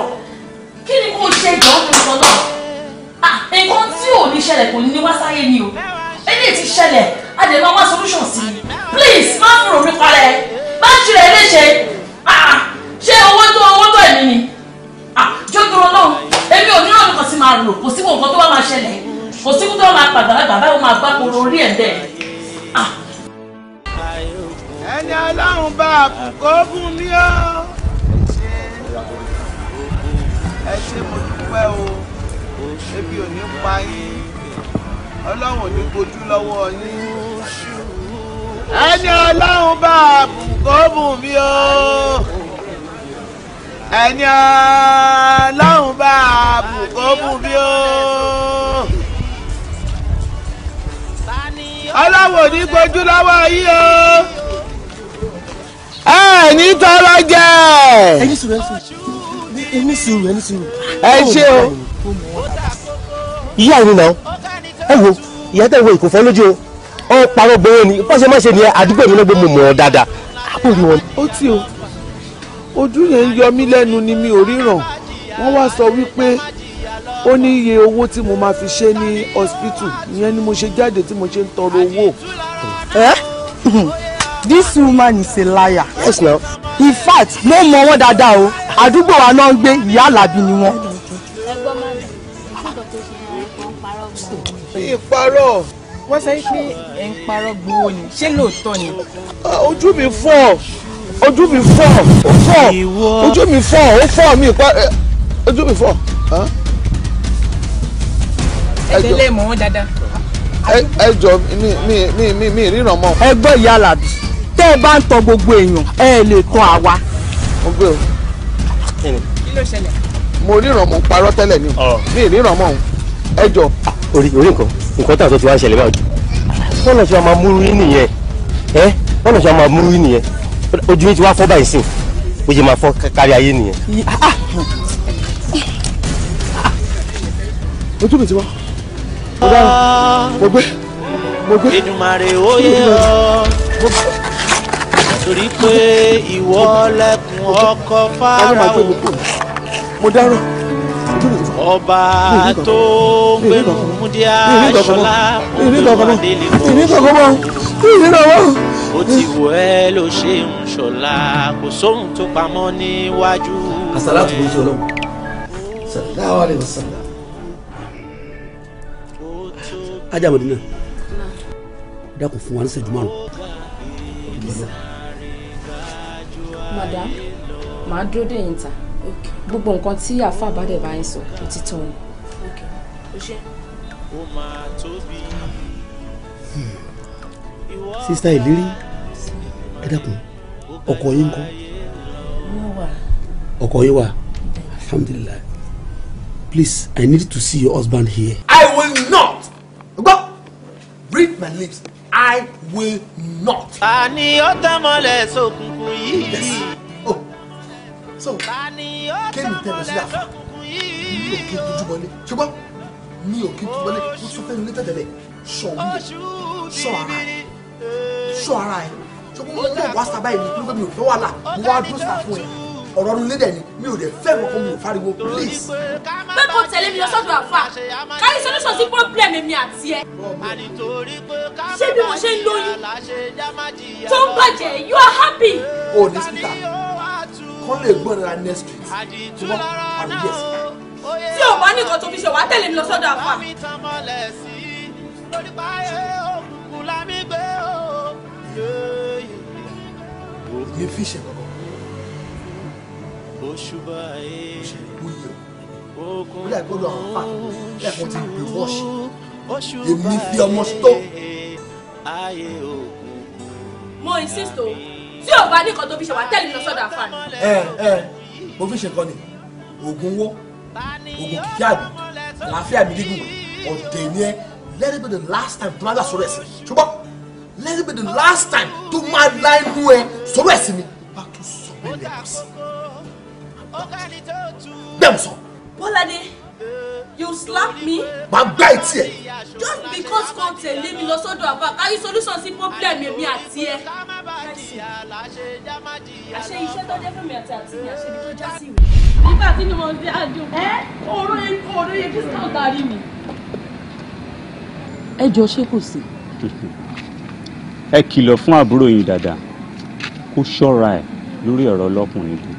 kí ni kò ṣe jọ̀ọ́ fún mi sọ́dọ̀ ah, nǹkan tí ò ní ṣẹlẹ̀ kò ní wá sáyé ni o ẹni tí ṣẹlẹ̀ a dẹ̀ máa wá solution sí i please má fòrò mi parẹ́ má ṣe rẹ̀ léṣe ṣé owó tó owó tó ẹ̀mí ni. Ah, jókòó ọlọ́run èmi ò ní ọ̀nà kan sí máa lò kò sí nǹkan tó bá máa ṣẹlẹ̀ kò sí kó tó máa pàgbàlagbà báwo máa gbá koro orí ẹ̀ dẹ̀. Ah. ẹni ọlọ́run bá àbùkù fún mi ó ẹ ṣe mo dúpẹ́ o ebi ò ní pa yín ọlọ́run ò ní gbojú lọ́wọ́ yín ẹni ọlọ́run bá àbùkù fún mi ó ẹni ọlọ́run bá a bù bí ó. ọlọ́wọ́ ní gbójú lọ́wọ́ yìí o. ẹ tọrọ jẹ. ẹni sùúrù ẹni sùúrù ẹni sùúrù. ẹ ṣe o. ìyá mi náà ẹ wo ìyá tẹ̀ wo ìkòfọ́ lójú o ó parọ́ gbowó ni bọ́sẹ̀ má ṣe ni àdúgbò mi náà gbé mọ̀ ọ́ dáadáa. ó ti o ojú yẹn ń yọ mí lẹ́nu ni mi ò ríran wọ́n wá sọ wípé ó ní iye owó tí mo máa fi ṣe ní hospital ìyẹn ni mo ṣe jáde tí mo ṣe ń tọrọ owó. ẹ this woman is a liar. yes na. in fact mo mọ wọn dáadáa o àdúgbò wa náà ń gbé ìyá àlàbí ni wọn. ìparọ́. wọ́n sọ pé ẹ̀ ń parọ́ gbowó ni ṣé lóòótọ́ ni. Ah, ojú mi fọ́ ojú mi fọ́ ó fọ́ ojú mi fọ́ ó fọ́ mi pa ojú mi fọ́. ẹgbẹ́ lè mọ̀ wọ́n dáadáa. ẹ jọ mi mi mi mi ríran mọ́. ẹ gbọ́ ìyá alábi tẹ́ ẹ bá ń tọ gbogbo èèyàn ẹ lè tọ àwa. mo gbé o. kí ló ṣẹlẹ̀. mo ríran mọ́ parọ́ tẹ́lẹ̀ ni o mi ríran mọ́ o ẹ jọ. Ah, orí orí nǹkan nǹkan tí àtúntò wa ṣẹlẹ̀ báyìí wọ́n lọ sí ọmọ yín nìyẹn ẹ wọ́n lọ sí yín nìyẹn ojú yín ti wá fọ́ báyìí sìn bó ṣe máa fọ́ kárí ayé nìyẹn. Ah, ah. ojú mi ti wá mo gbé mo gbé. Èdùmàrè oyè ọ torí pé ìwọ lẹkùn ọkọ Fáráò mo dára ọba tó ń gbẹnu múdí aṣọlá òdòdó adélébọ ó ti wọ ẹ ló ṣe ń ṣọlá kò sóhun tó pamọ́ níwájú. àsálàtù ló ń ṣe ọlọ́run sallallahu alaihi wasallam. ajábọ̀dé náà dákun fún wa ní sẹ́jú márùn madam màá dúró dé yín ta gbogbo nǹkan tí àáfàá bá dẹ̀ bá yín sọ òtítọ́ ni. Hmm. sista ìlérí ẹ dákun ọkọ yín kọ́ ọkọ yín wà alhamdulilayi please i need to see your husband here. i will not gbọ́ read my lips i will not. àní ó tẹ́mọ̀lẹ̀ sókùnkùn yìí. yes oh so kéènì tẹ̀lé sí àfọ̀ mi ò kí n tujú bọ́lé ṣùgbọ́n mi ò kí n tujú bọ́lé mo sọ fẹ́ẹ́ nílé tẹ̀tẹ̀lẹ̀ sọ mi sọ ara sọ ara ẹ̀ ṣùgbọ́n mo kọ̀ wá sábà yìí nítorí pé mi ò fẹ́ wàhálà mo wá dúró sà fún ẹ ọ̀rọ̀ ọdún lédè ni mi ò dẹ̀ fẹ́ kankan mi ò fariwo please. pé kò tẹ̀lé mi lọ sọ́dọ̀ àfa káyọ̀ solution sí problem mi àti ẹ. ṣé bí mo ṣe ń lóyún tó ń bàjẹ́ you are happy. o ní síta kán lè gbọ́n ra next street ṣùgbọ́n àrùn díẹ̀ sí. tí o bá ní nǹkan tó fi ṣe wàá tẹ̀lé mi lọ sọ́dọ̀ àfa. ní fi ṣe kọ̀kọ̀. òṣùbà ẹ̀ ó yẹ kó lọ àwọn fáàkì lẹ́ẹ̀kan ti gbé wọ́ọ̀ṣì èmi e. fi ọmọ sító. mo insist o tí o bá ní kan tó fi ṣe wà tẹ́lẹ̀ mi lọ sọ́dọ̀ àfààní. ẹ ẹ mo fi ṣe kan ni oògùn wo oògùn kìkì àgbà àlàáfíà mi gígùn ọ̀dẹ̀ ni ẹ lẹ́rìí pé the last time tí wọ́n á gbà sọ̀rọ̀ ẹ̀sìn ṣùgbọ́n let it be the last time tó máa la inú ẹ sọ̀rọ̀ ẹ̀ sí mi bá tó sọ̀rọ̀ ẹ̀ lẹ́nu sí bẹ́ẹ̀ mo sọ. Bọ́ládé you slap me. má gbá etí ẹ. just because kan tẹ̀lé mi lọ sọ́dọ̀ àbá káyí solution sí problem èmi àti ẹ. àṣẹ iṣẹ́ tó jẹ́ fún mi àti àti mi àṣẹ ibi tó já sí mi. nígbà tí mo ń bí àjò ẹ oró yẹ oró yẹ kí sọ́ọ̀ darí mi. ẹ jọ ṣé kò sí. ẹ kìlọ̀ fún àbúrò yín dàda kó ṣọ́ra ẹ̀ lórí ọ̀rọ̀ ọlọ́kùnrin bí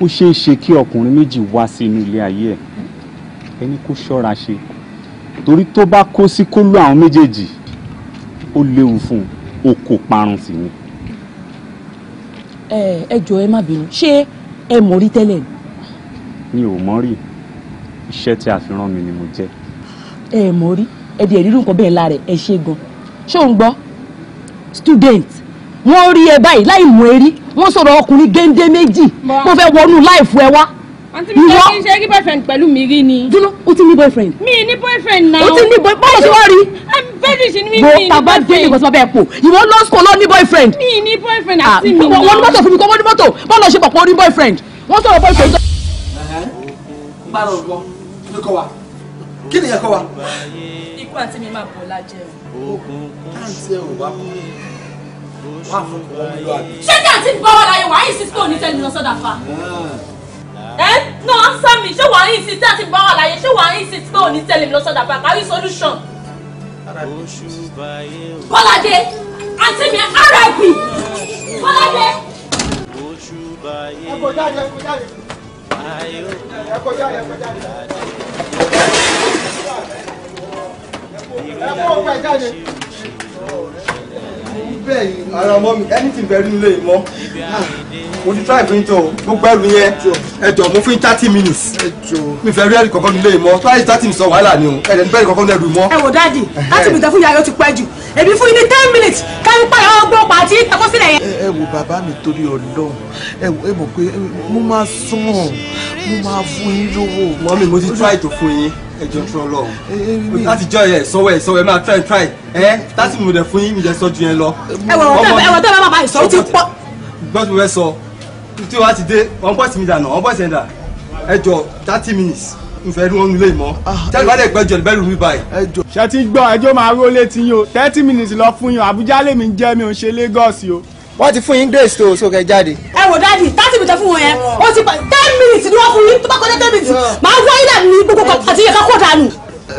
ó ṣeé ṣe kí ọkùnrin méjì wá sí inú ilé ayé ẹ̀ ẹni kó ṣọ́ra ṣe torí tó bá kó sí kólú àwọn méjèèjì ó léwu fún un ó kó parun sí ni. ẹ ẹ jọ ẹ má bínú ṣé ẹ mọ̀ rí tẹ́lẹ̀ ni. mi ò mọ̀ rí iṣẹ́ tí a fi rán mi ni mo jẹ́. ẹ mọ̀ rí ẹ di ẹ̀rí rú nǹkan bẹ́ẹ̀ lára ẹ ṣe gan ṣé òun gbọ́ student wọ́n rí ẹ báyìí láì mú erí wọ́n sọ̀rọ̀ ọkùnrin géńdé méjì mo fẹ́ wọnú láìfù ẹ wá. àǹtí mi kò kí n ṣe rí boyfriend pẹ̀lú mi rí ni. dúró o ti ní boyfriend. mi ní boyfriend náà. o ti ní boyfriend báwo ṣe wá rí. fetish ni mi ní boyfriend. bàbá dé ìgbà tí wọ́n bẹ̀ pò ìwọ lọ sọ lọ ní boyfriend. mi ní boyfriend ah, àti mi náà. wọ́n ní mọ́tò fún mi kọ́ wọ́n ní mọ́tò bọ́ọ̀lù ṣe pọ̀ pọ̀ ní boyfriend wọ́n sọ̀rọ̀ boyfriend. gbàdọ̀ ọ̀gbọ́n kí ni ẹ̀kọ́ wa ikú àti mi máa bọ̀ lájẹ́ o. ogun káàntì ẹ̀ ò wá kú ní wá fún ọmọ ìlú àbí. ṣé kí àti bọ́wọ́ láyé wàá yìí sísè òní tẹ́lẹ̀ lọ sọ́dà fa. ẹ nọ answer me ṣé wàá yìí sísè àti bọ́wọ́ láyé ṣé wàá yìí sísè òní tẹ́lẹ̀ lọ sọ́dà fa kárí solution. bọ́ládé àti mi rip bọ́ládé. ẹ kò jáde ẹ kò jáde ẹ kò jáde ẹ kò jáde bẹ́ẹ̀ ni ara mi anything bẹ̀rù nílé ìmọ̀ mo ti try fún yín tó gbogbo ẹrù yẹn ẹ mo fún thirty minutes mi fẹ́ rí ẹrù kankan nílé yìí mọ́ thirty minutes wàhálà ni o ẹ̀rẹ̀ níbẹ̀rẹ̀ kankan ní ẹrù mọ́. ẹ wò dáàdì láti bìtẹ́ fún yàrá ó ti pẹ́ jù èmi fún ní ten minutes káyọ̀ pààyàn ọgbọ́n pàtí ìtàkọ́sílẹ̀ yẹn. ẹ wo bàbá mi torí ọlọ́run ẹ wo ẹ mọ̀ pé mo máa sàn mo máa fún yín lówó. mọ́mí mo ti try tó fún yín ẹjọ tún Ọlọ́run láti jọ ẹ sọwọ ẹ sọwọ ẹ máa try try ẹ láti mú un dẹ fún yín mi dẹ sọ ju yẹn lọ. ẹ wọ gbọ́dọ̀ rẹ sọ tí o bá ti dé wọn bọ́ọ̀sì mi dànù wọn bọ́ọ̀sì yẹn dà ẹ jọ thirty minutes nfẹ ni wọn nulẹ mọ ah. tẹlifí wàá dẹ gbẹjọ ní bẹẹ lùmí báyìí. ṣe ti gbọ́ ẹjọ́ máa ró létí yín o thirty minutes lọ fún yín o Àbújá lèmi ń jẹ́ mi ò ń ṣe Lagos o. wọ́n ti fún yín grace tó sókè jáde. ẹ wò dáàdi thirty minutes fún wọn yẹn o ti pa ten minutes ni wọ́n fún yín tó bá kọjá ten minutes máa wáyé dànù ní gbogbo àti yẹn ká kó dànù.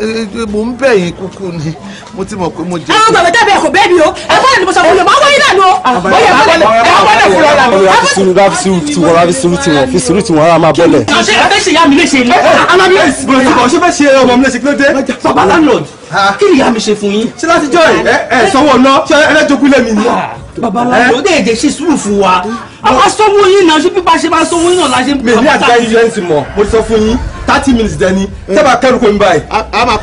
Eh, mo ń bẹ̀ yín kúkú ni mo ti mọ̀ pé mo jẹ́. àwọn bàbá dábẹ́ ẹ̀kọ́ bẹ́ẹ̀ ni o ẹ̀kọ́ ni mo sọ fún mi máa wáyé lẹ́nu o. bóyá bọ́lẹ̀ ẹ̀kọ́ bọ́lẹ̀ fúnra rà mí. fi sùúrù bá fi sùúrù ti wọ́n fi sùúrù ti wọ́n fi sùúrù ti wọ́n ara máa bọ́lẹ̀. ṣé ẹ fẹ́ ṣe ìyá mi léṣe ni. ala mi léṣe bọ̀dọ̀ ti bọ̀ ṣé fẹ́ ṣe ọmọ mi léṣe kí ló dé. bàbá landlord kí ni ìyá mi ṣe fún yín. ṣé láti jọ ẹ ẹ eh, eh, sanwó ná ṣé ẹ babaláwo dé èdè ṣe sùúrù fún wa àwa sọ́wọ́ yín náà ṣé pípa ṣe máa sọ́wọ́ yín náà la ṣe. mi ní àtijọ́ yìí lẹ́yìn tí mọ̀ mo ti sọ fún yín thirty minutes dẹni tẹ́ bá kẹ́rù kò ń báyìí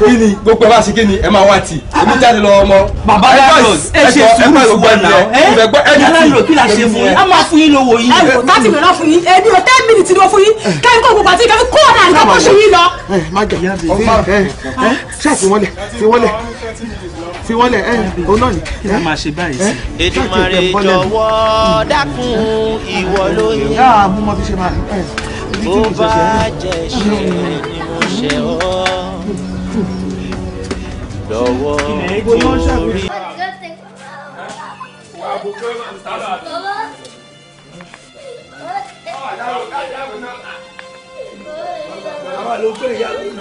kí ni gbogbo ẹ bá ṣe kí ni ẹ máa wá tì èmi jáde lọ ọmọ. babaláwo ẹ ṣe sùúrù fún wa náà ẹ babaláwo kí la ṣe fún yín a máa fún yín lówó yín. ẹ thirty minutes fún yín ẹni o ten minutes ni o fún yín kẹ́hìn kò gbogbo àti kẹ́hìn kó ọ̀nà àgbà kó ṣe yín lọ fi wọ́n lẹ̀ ẹ̀ òun náà ni. kí ló máa ṣe báyìí sí. Èdùmàrè jọ̀wọ́ dákun ìwọ lóyún. yáà ah, mú mọ́ fi ṣe máa rí. bó bá jẹ ṣe ni mo ṣe ọ́ lọ́wọ́ torí. Àwọn àlọ́ ògbé ìyá lónìí.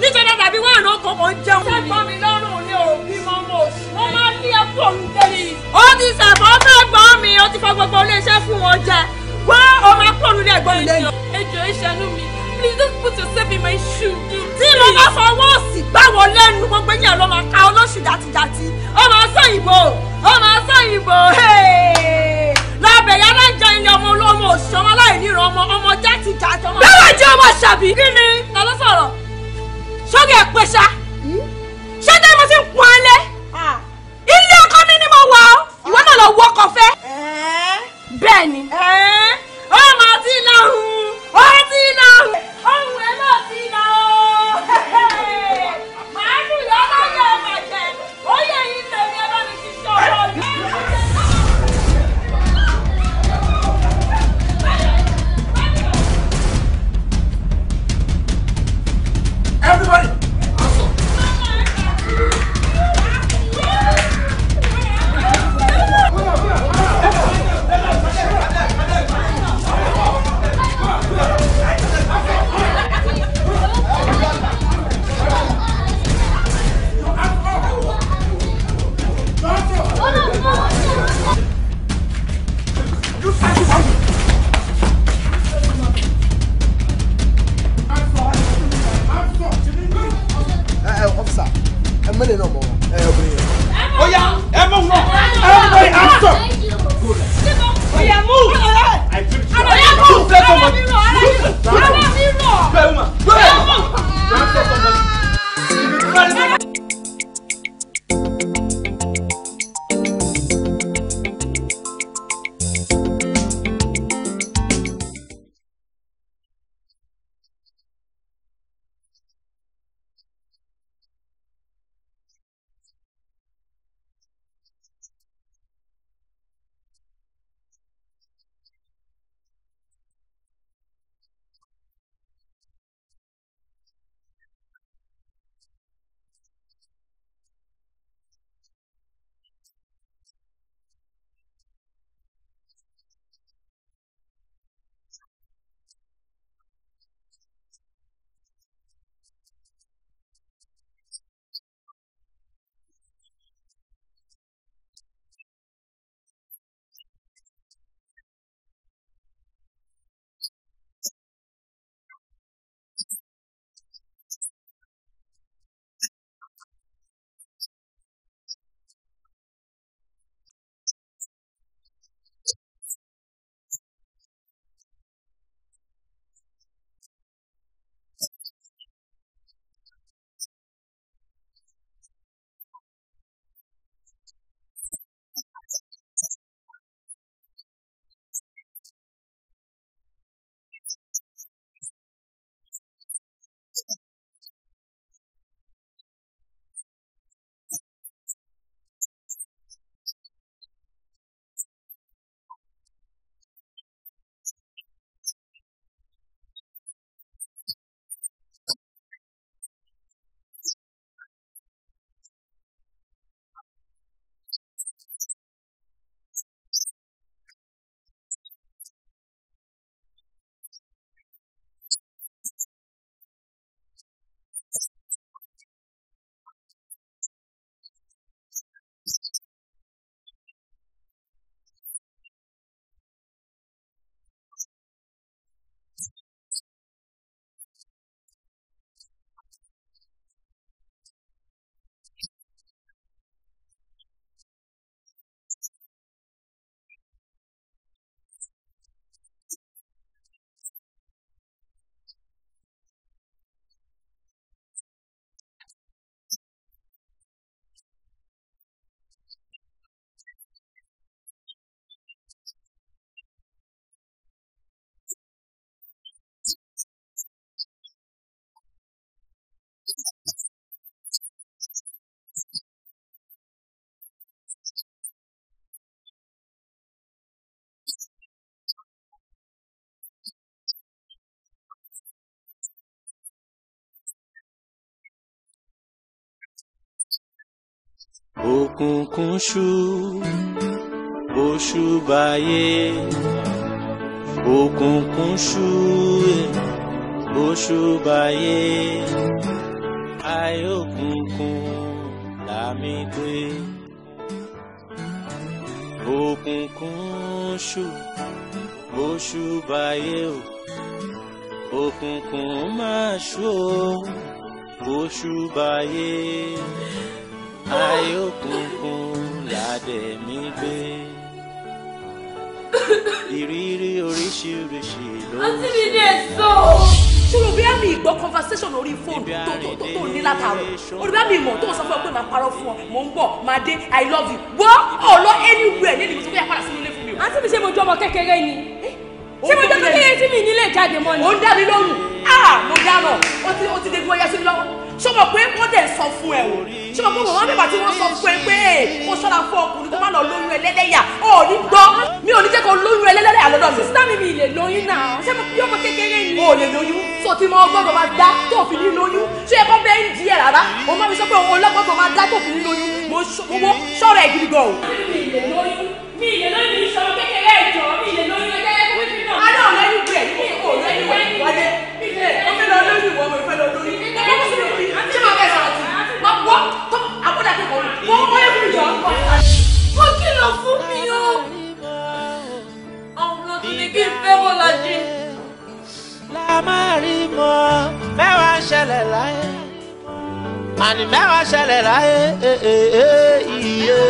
nítorí bàbí wọn àná kan kan jẹun. sẹ́gbọ́n mi lọ́rùn ni òbí mọ́mọ́ oṣù. wọ́n máa ń ní ẹkú òun tẹ́lẹ̀. ó ti sàbọ̀ sẹ́gbọ́n mi ó ti fọ gbogbo iléeṣẹ́ fún wọn jẹ. wá o máa kó òun ẹ̀gbọ́n mi lẹ́yìn. ejò ìṣẹ́nu mi please don't put yourself in my shoe. tí mo bá fọwọ́ sí gbáwọ lẹ́nu gbogbo yẹn ló máa ka olóṣù jàtijàti. ó máa sọ ìbò ó máa sọ ìbò. Hey! abẹ̀yà alájà ilé ọmọ olómọ òṣìṣẹ́ ọmọ aláìníran ọmọ ọmọ jáde jáde ọmọ. bẹ́ẹ̀ wàá jẹ́ ọmọ ṣàbí. kí ni ta ló sọ̀rọ̀ ṣọ́gẹ̀ ẹ̀ pẹ́ṣà hmm? ṣé tẹ́ mo ti ń pọn alẹ́ ilé ọkọ mi ni mo wà ó ìwọ náà lọ wọkọ̀ fẹ́. bẹ́ẹ̀ ni. mẹ́lẹ̀ náà mọ̀ ẹ obìnrin yẹn. ó yá ẹ mú wọn ẹ mú wọn á sọ. ó yá mú. ara yà mú ara mi rọ ara mi rọ ara mi rọ. bẹ́ẹ̀ mọ̀ bẹ́ẹ̀ mọ̀. òkùnkùn ṣú oṣù báyé òkùnkùn ṣú oṣù báyé ayé òkùnkùn làmì gbé òkùnkùn ṣú oṣù báyé o òkùnkùn máa ṣú oṣù báyé ayé òkùnkùn ládẹ mi gbé ìrírí oríṣiríṣi ló ń ṣe. àti mi dé so. ṣùgbọ́n bí àmì ìgbọ́ conversation orí fóònù tó tó tó tó ní látàrọ̀ orí bá mi mọ̀ tó ń sọ fún ọ pé màá parọ́ fún ọ mò ń bọ̀ màá dé i love you wọ́ ọ̀lọ́ anywhere ní ìlú tó fẹ́ padà sínú ilé fún mi. àti mi ṣe mo jọ ọmọ kékeré ni eh, ṣé mo jọ kékeré tí mi nílé jáde mọ́ ni. ó ń dá mi lóhùn ah mo dáná ó ti dé bí wọ́n yẹ sí mi lọ́wọ́ ṣọ́mọ̀ pé wọ́n dẹ̀ sọ fún ẹ o ṣé mo gbọ́dọ̀ wọ́n nígbà tí wọ́n sọ fún ẹ pé kó ṣọ́ra fún ọkùnrin kó má lọ lóyún ẹlẹ́dẹ̀yà ò ní gbọ́ mi ò ní jẹ́ kó lóyún ẹlẹ́dẹ̀yà lọ́dọ̀ mi sísá mi mi lè lóyún náà ṣé mo yọmọ kékeré ni. o lè lóyún tó ti mọ ọgbọ́dọ̀ máa dá tó fi ní lóyún ṣé ẹ kọ́ bẹ́ẹ̀ ń di ẹ̀ rárá o má mi sọ pé òun ọlọ́gbọ́dọ̀ máa dá tó fi ní lóyún mo ṣọ́ra ẹ̀ gidi gan o. mi ìlè lóyún mi ìlè lóyún mi ìṣòro kékeré ìjọ mi ìlè lóyún ẹgbẹ́ tọ́ àbúdà tó kọ̀ wọ́n wọ́n yẹ kó jọ ọ́. ó kìlọ̀ fún mi o àwọn ọ̀dọ́ ni kí n fẹ́ wọ́n lajì. la láyé àní mẹ́wàá iye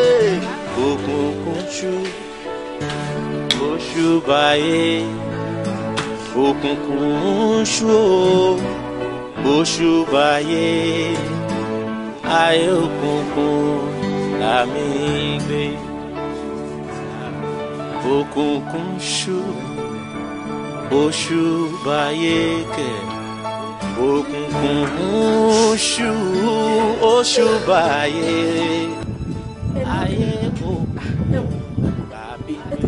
òkùnkùn ṣú oṣù báyé òkùnkùn ṣú oṣù báyé. Ayo ayé òkùnkùn làmì gbé òkùnkùn ṣú oṣù báyé kẹ òkùnkùn ṣú oṣù báyé ayé òkùnkùn làmì gbé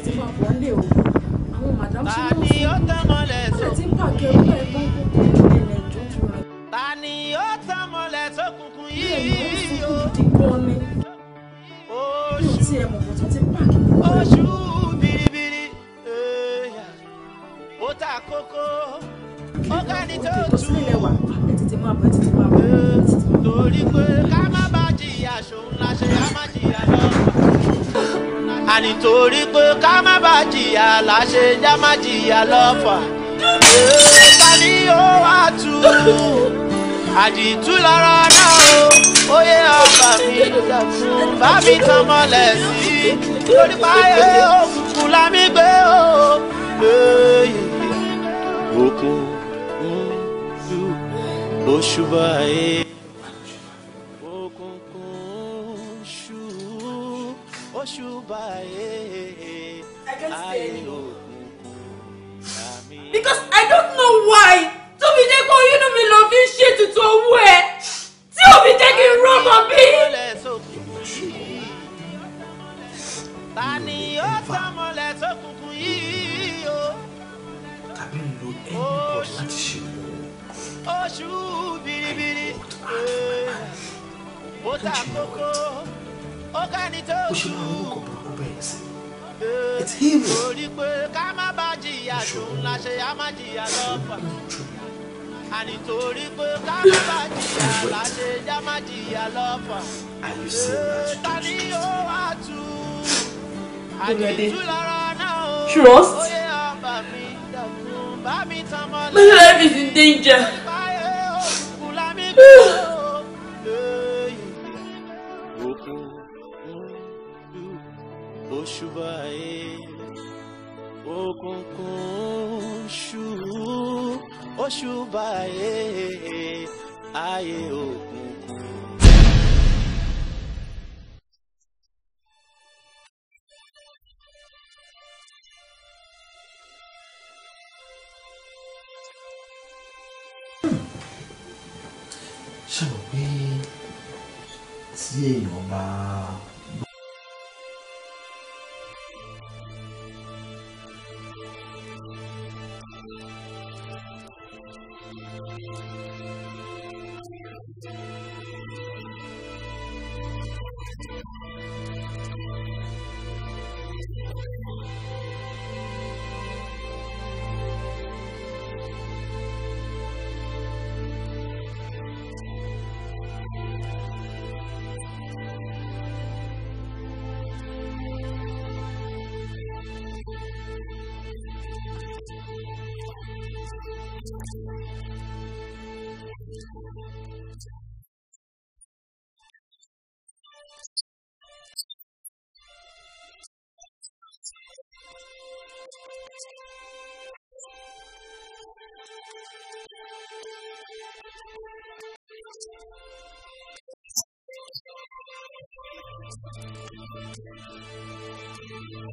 tàbí ọ̀dàmọ́lẹ̀ tó ń bọ̀. òkùnkùn yìí o. oṣù oṣù biribiri ó ta kókó ó ká ní tó tù ah, torí pé ká má bàa jìyà ṣòun láṣẹ ká má jìyà lọ́wọ́ àní torí pé ká má bàa jìyà láṣẹ já má jìyà lọ́fà. ká ní ó wá tù ú àdìtú lára náà o oyè ọba mi bá mi tán mọ́lẹ̀ sí i lórí páyé òkùnkùn la mi gbé o. òkun ń lu oṣù báyìí. Because I don't know why tó fi jẹ́ pé oyún mi ló fi ń ṣètùtù owó ẹ̀ tí ò fi jẹ́ kí n rọ́mọ bí. tani ó tọmọ lẹ sókùnkùn yìí o. tàbí lo ẹni bọ̀ láti ṣe wò. oṣù biribiri ó ta kókó ó ká ní tó ṣù. It's evil ànítorí pé ká má bá jìyà láṣẹ já jìyà lọ́fà. tani yóò wá tu àjẹjú lára náà o oyè ọba mi dàgbọ́n bá mi tán mọ́lẹ̀. My life is in danger. Oṣubaye, oṣù báyé ayé òkùnkùn. ṣé mo pé tí èèyàn bá. Thank you.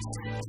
Thank you.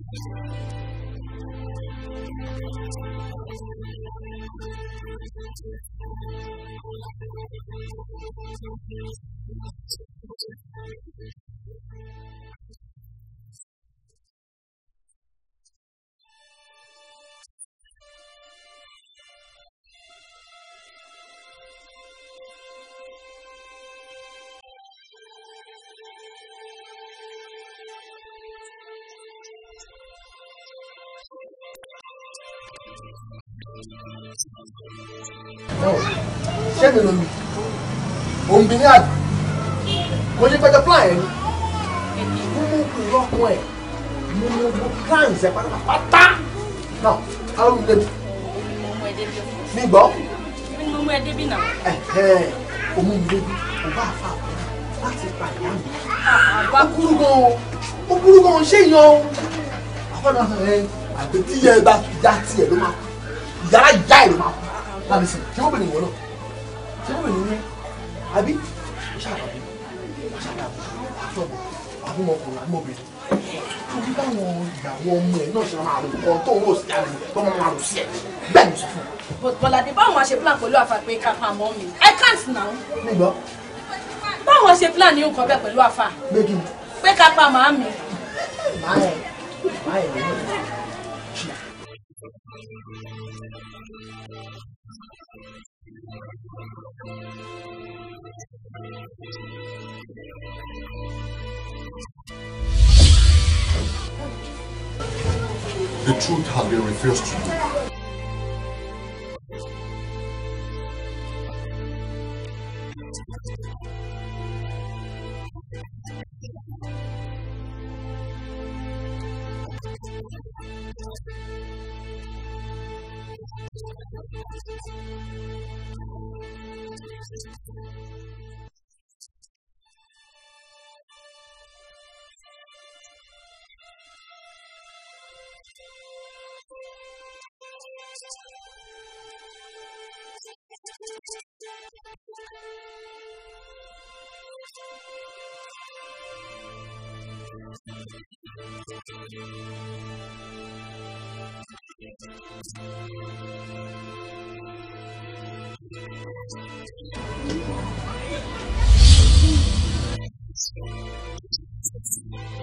ṣé mi lomi òun bí ní àgbà mo ṣe pẹtẹ plan yẹn ni mo mú ìrọ́pọ̀ ẹ̀ mo mú gbogbo plan ṣe pátápátá náà àwọn mi lébi mi gbọ́ mo mú ẹ débi náà o mú mi lébi o bá fà láti pàdé àmì ó burú gan ó burú gan ṣé yan o àfọ̀nà ẹ àgbẹ̀tí yẹ bá já tiẹ̀ ló máa kú yàrá já ìlú máa kú láti sìn ṣé wọ́n bèrè ìwọ náà ṣé wọ́n àbí ṣáàbàbí ṣáàbàbí àtọ̀bọ̀ àbúmọkùnrin àbúmọbìnrin torí báwọn ìyàwó ọmọ ẹ náà ṣe ṣe plan i can't now. ní nǹkan bẹ́ẹ̀ pẹ̀lú àfà. pé ká pa màá mi. máa ẹ̀ manifesto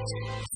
何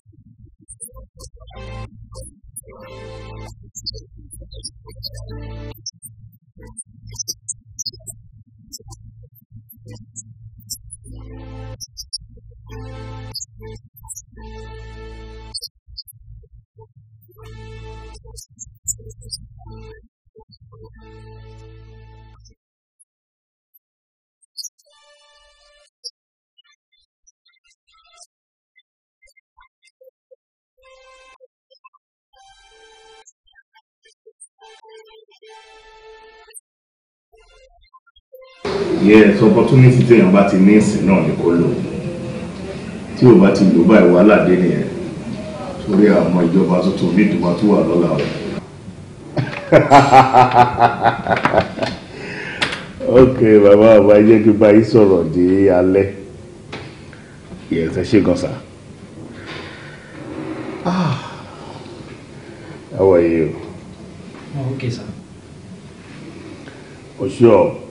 yes opportunity téèyàn bá ti ní ìsìn náà ni kò lò tí ò bá ti lò báyìí wàhálà dé nìyẹn torí àwọn ìjọba tuntun ní ìdùnnú tó wà lọ́la o. ok bàbá bàbá ẹ jẹ́ kí n bá yín sọ̀rọ̀ dé alẹ́ yes ṣe gan sa. ah how are you. Oh, okay sir. for sure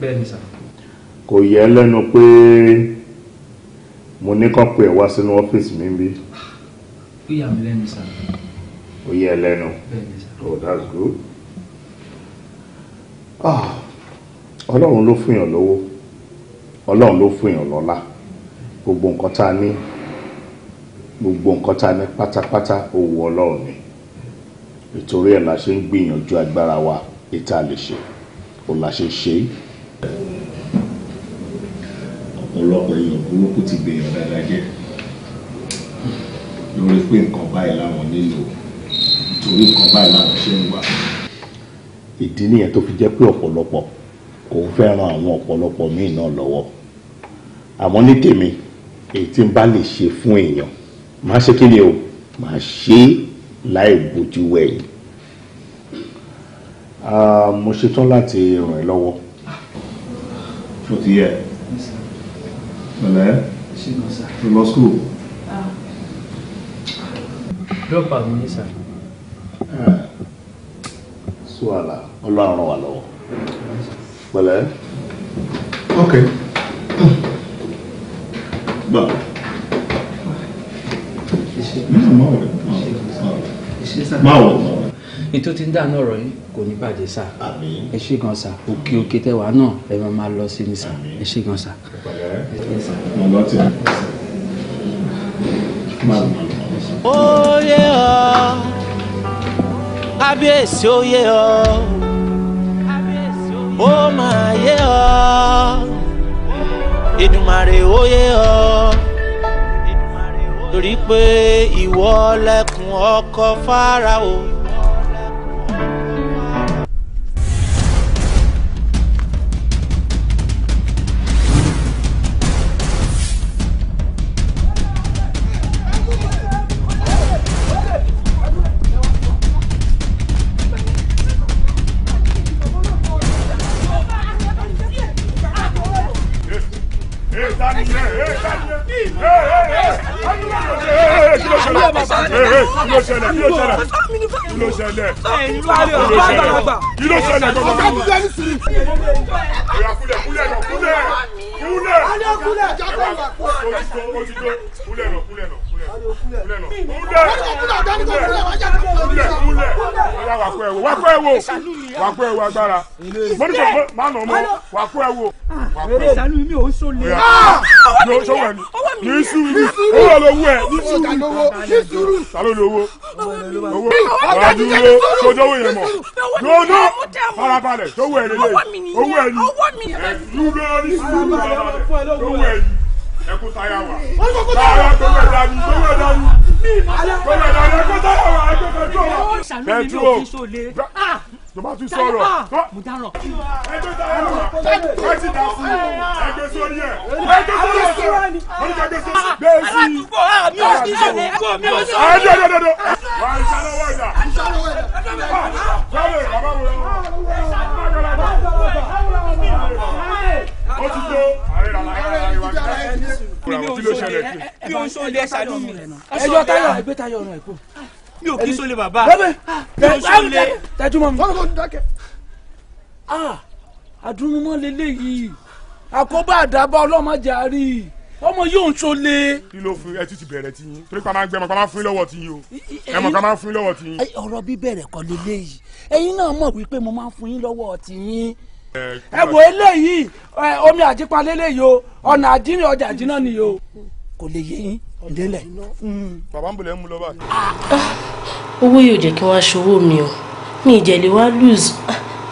bẹ́ẹ̀ ni sà. kò yẹ lẹ́nu pé mo ní kàn pé wá sínú ọ́fíìsì mi bí. ó yẹ lẹ́nu. oh that's good. Ah, ọlọ́run ló fún yàn lówó ọlọ́run ló fún yàn lọ́lá gbogbo nǹkan tá a ní gbogbo nǹkan tá a ní pátápátá owó ọlọ́run ni nítorí ẹ̀ la ṣe ń gbìyànjú agbára wa ètò àlè ṣe òun la ṣe ṣe é ọ̀pọ̀lọpọ̀ èèyàn burúkú ti gbèyàn dáadáa jẹ́ lórí pé nǹkan báyìí láwọn nílò torí nǹkan báyìí láwọn ṣe ń wà. ìdí nìyẹn tó fi jẹ́ pé ọ̀pọ̀lọpọ̀ kò fẹ́ràn àwọn ọ̀pọ̀lọpọ̀ míì náà lọ́wọ́ àmọ́ ní tèmi èyí tí n bá lè ṣe fún èèyàn máa ṣe kí ni o máa ṣe láì bójú wẹ̀yìn ah, mo ṣetán láti ràn ẹ́ lọ́wọ́ ṣó ti yẹ pẹ̀lẹ́ lọ skul. drop out ní sà. suwala ọlọ́run wà lọ́wọ́ pẹ̀lẹ́. ok. báwo. báwo. báwo ètò tí ń dànù ọ̀rọ̀ yìí kò ní bàjẹ́ sà ẹ ṣé gan sà òkè òkè tẹwàá náà ẹ máa máa lọ sí ni sà ẹ ṣé gan sà. kábíyèsí oyè ọ ó máa yé ọ Èdùmàrè oyè ọ torí pé ìwọ lẹkùn ọkọ Fáráò. ló ṣẹlẹ̀ kí ló ṣẹlẹ̀ kí ló ṣẹlẹ̀ kí ló ṣẹlẹ̀ kí ló ṣẹlẹ̀ gbọ́dọ̀. ìyá kúlẹ̀ kúlẹ̀ nà kúlẹ̀ kúlẹ̀ kúlẹ̀ ojúdo ojúdo kúlẹ̀ nà kúlẹ̀ nà kúlẹ̀ nà kúlẹ̀ kúlẹ̀ kúlẹ̀ wàkú ẹ̀wò wàkú ẹ̀wò wàkú ẹ̀wò agbára mọ́nìkọ̀ máa nà ọmọ wàkú ẹ̀wò. Ah ẹ̀sánú mi ò sọ lè. yóò sọ wẹ̀ ní ní sùúrù ó wà lówó ẹ̀ ní sùúrù ní sùúrù sálọ ní owó owó wàá dúró sójú owó yẹn mọ̀ yóò ná farabalẹ̀ sówó ẹ̀ lélẹ̀ owó ẹ̀ ní ẹ̀dúró ní sùúrù farabalẹ̀ sówó ẹ̀ ní ẹkú táyà wà táyà tó wẹ̀ dání tó wẹ̀ dání tó wẹ̀ dání ẹkú táyà wà ẹkú táyà wà. bẹ́ẹ̀ tó o tó bá tún sọ̀rọ̀ mo dáràn. ẹgbẹ́ sọ̀rọ̀ ẹ ti dà sí ẹgbẹ́ sórí ẹ̀ ẹgbẹ́ sọ̀rọ̀ sọ̀rọ̀ wọ́n ti gbẹ́ sọ̀rọ̀ bẹ́ẹ̀ sí. aládùúgbò ah, mi ò sí sọ̀rọ̀ ẹ̀kọ́ mi ò sọ̀rọ̀. ẹ dọ̀dọ̀ dọ̀dọ̀ wà á ìṣáná wọ̀ ẹ̀dá. sọ̀rọ̀ bàbá wo ó ti tó àrẹ̀rà àrẹ̀rà ìwà kí ló ṣẹlẹ̀ kí. bí ṣàlùmí. ẹjọ́ tayọ̀ ẹgbẹ́ tayọ̀ ọ̀rọ̀ ẹ̀kọ́ mi ò kí sólè bàbá mi ò sólè. tẹ́jú mọ́ mi. àdúrúmọ́ ah! lélẹ́yìí àkóbá àdábá ọlọ́mọ jàrí ọmọ yóò ń sólè. kí ló fún ẹ ti ti bẹ̀rẹ̀ ti yín torí pa máa ń gbẹ ẹmọ ká máa ń fún yín lọ́wọ́ o ẹmọ ká máa ń fún yín lọ́wọ́ ti yín. ọ̀rọ̀ bíbẹ̀rẹ̀ kọ́ lélẹ́yìí ẹ̀yin náà mọ̀ wípé mo máa ń fún yín lọ́wọ́ ti ẹ wò eléyìí omi àjípalẹ́lẹ́yìí o ọ̀nà àdínrín ọjà àjínà nìyí o kò lè yé yín délẹ̀. Hmm. bàbá ń bolẹ̀ ń mu lọ báyìí. Ah. owó yóò jẹ́ kí wọ́n aṣọwó mi o mi ìjẹ̀lẹ̀ wá lose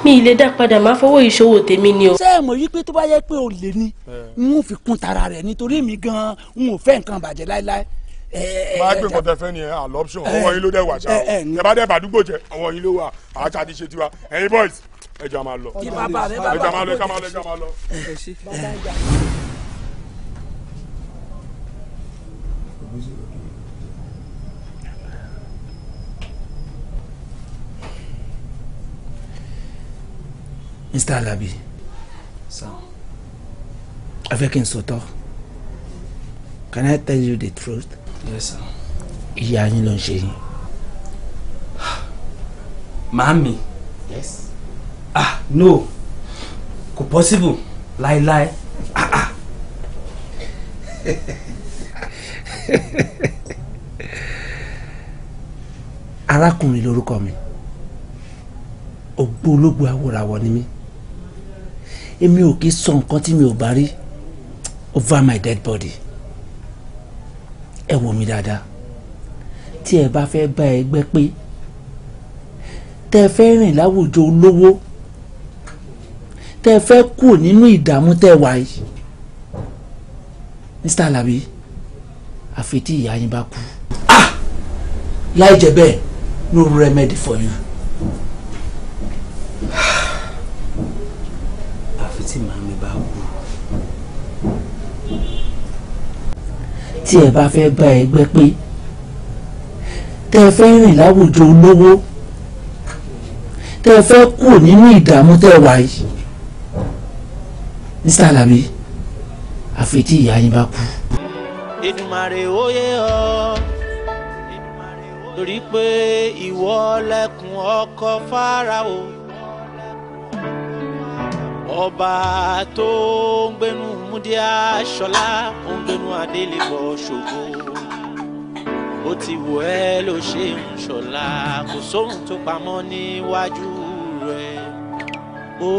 mi ì lè dá padà máa fọwọ́ ìṣòwò tèmi ni o. ṣé ẹ mọ̀ yí pé tó bá yẹ pé o lè ní eh. n ò fi kún tara rẹ̀ nítorí mi gan-an n ò fẹ́ nǹkan bàjẹ́ láéláé eh, eh, máa gbé nǹkan tẹ fẹ́ ni ẹ àlọ́ option ọwọ́ yín ló dẹ̀ wà ṣá o ẹ bá dẹ̀ bàdúgbò jẹ ọwọ́ yín ló wà àṣà ti ṣe tiwa ẹ̀yin boys ẹ jọ máa lọ ẹ jọ máa lọ ẹ máa lọ ẹ máa lọ. Mr. Alabi sir. fẹ́ kí n Can I tell you the truth? Yes, sir. ìyá yín ló ń ṣe yín. Yes. Ah no kò possible Lie, lie. ah ah. arákùnrin lorúkọ mi ògbólógbò awòràwọ̀ ni mí èmi ò kí sọ nǹkan tí mi ò bá rí over my dead body ẹ wò mí dáadáa tí ẹ bá fẹ́ bá ẹgbẹ́ pé tẹ́ fẹ́ rìn láwùjọ olówó tẹ́ fẹ́ kú nínú ìdààmú tẹ́ wà yìí Mr. Alabi àfi tí ìyá yín bá kú. ah láì jẹ́ bẹ́ẹ̀ no remedy for you. tí màmí bá kú tí ẹ bá fẹ́ bá ẹgbẹ́ pé tẹ́ ẹ fẹ́ rìn láwùjọ olówó tẹ́ ẹ fẹ́ kú nínú ìdààmú tẹ́ wà yìí Mr. Alabi àfi tí ìyá yín bá kú. Èdùmàrè òye ọ torí pé ìwọ lẹkùn ọkọ Fáráò ọba tó ń gbénu Múdìáṣọlá ó ń gbénu Adélébọ̀ ṣògo ó ti wò ẹ́ ló ṣe ń ṣọlá kò sóhun tó pamọ́ níwájú rẹ̀ ó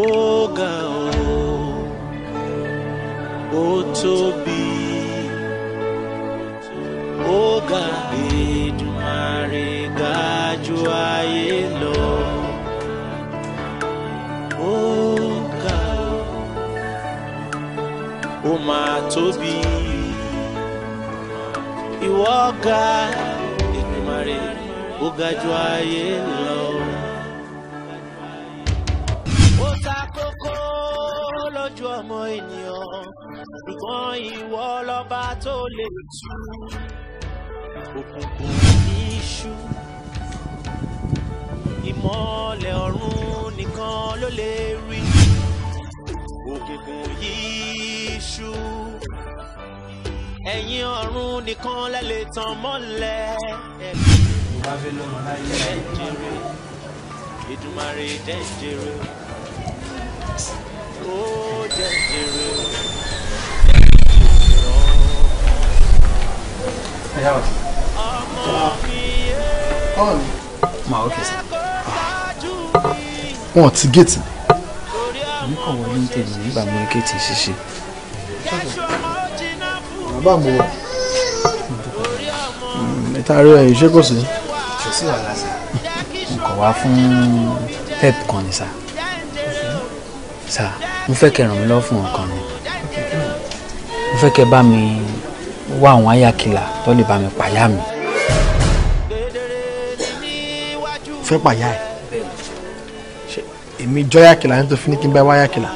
ga o ó tóbi. máa tóbi ìwọ ọ̀gá Èdùmàrè ó ga jù ayé lọ. ó ta kókó lójú ọmọ ènìyàn ṣùgbọ́n ìwọ lọ́ba tó lè tú òkùnkùn ní iṣu ìmọ̀lẹ̀ ọ̀run nìkan ló lè rí òkùnkùn yìí ṣú ẹ̀yin ọ̀run nìkan lẹ lè tàn mọ́lẹ̀ ẹ̀jẹ̀rẹ̀ ìdùmarè dẹ́jẹ̀rẹ̀ ó dẹ́jẹ̀rẹ̀ ọmọ mi yé ti géètì ni èmi kàn wọlé ní tèmi nígbà mo ní kéètì ṣíṣe. bàbá mo wọ. ìtarí ẹ̀ ṣé kò sí. kò sí wàhálà sí. n kò wá fún help kan ni sá. sá mo fẹ́ kẹ́ ràn mí lọ́wọ́ fún ọkàn mi. mo fẹ́ kẹ́ bá mi wá àwọn ayákìlà tó lè bá mi pàyà mi. fẹ́ pàyà ẹ̀ èmi jọ́yà kìlà nítorí fi ní kí wáyà kìlà.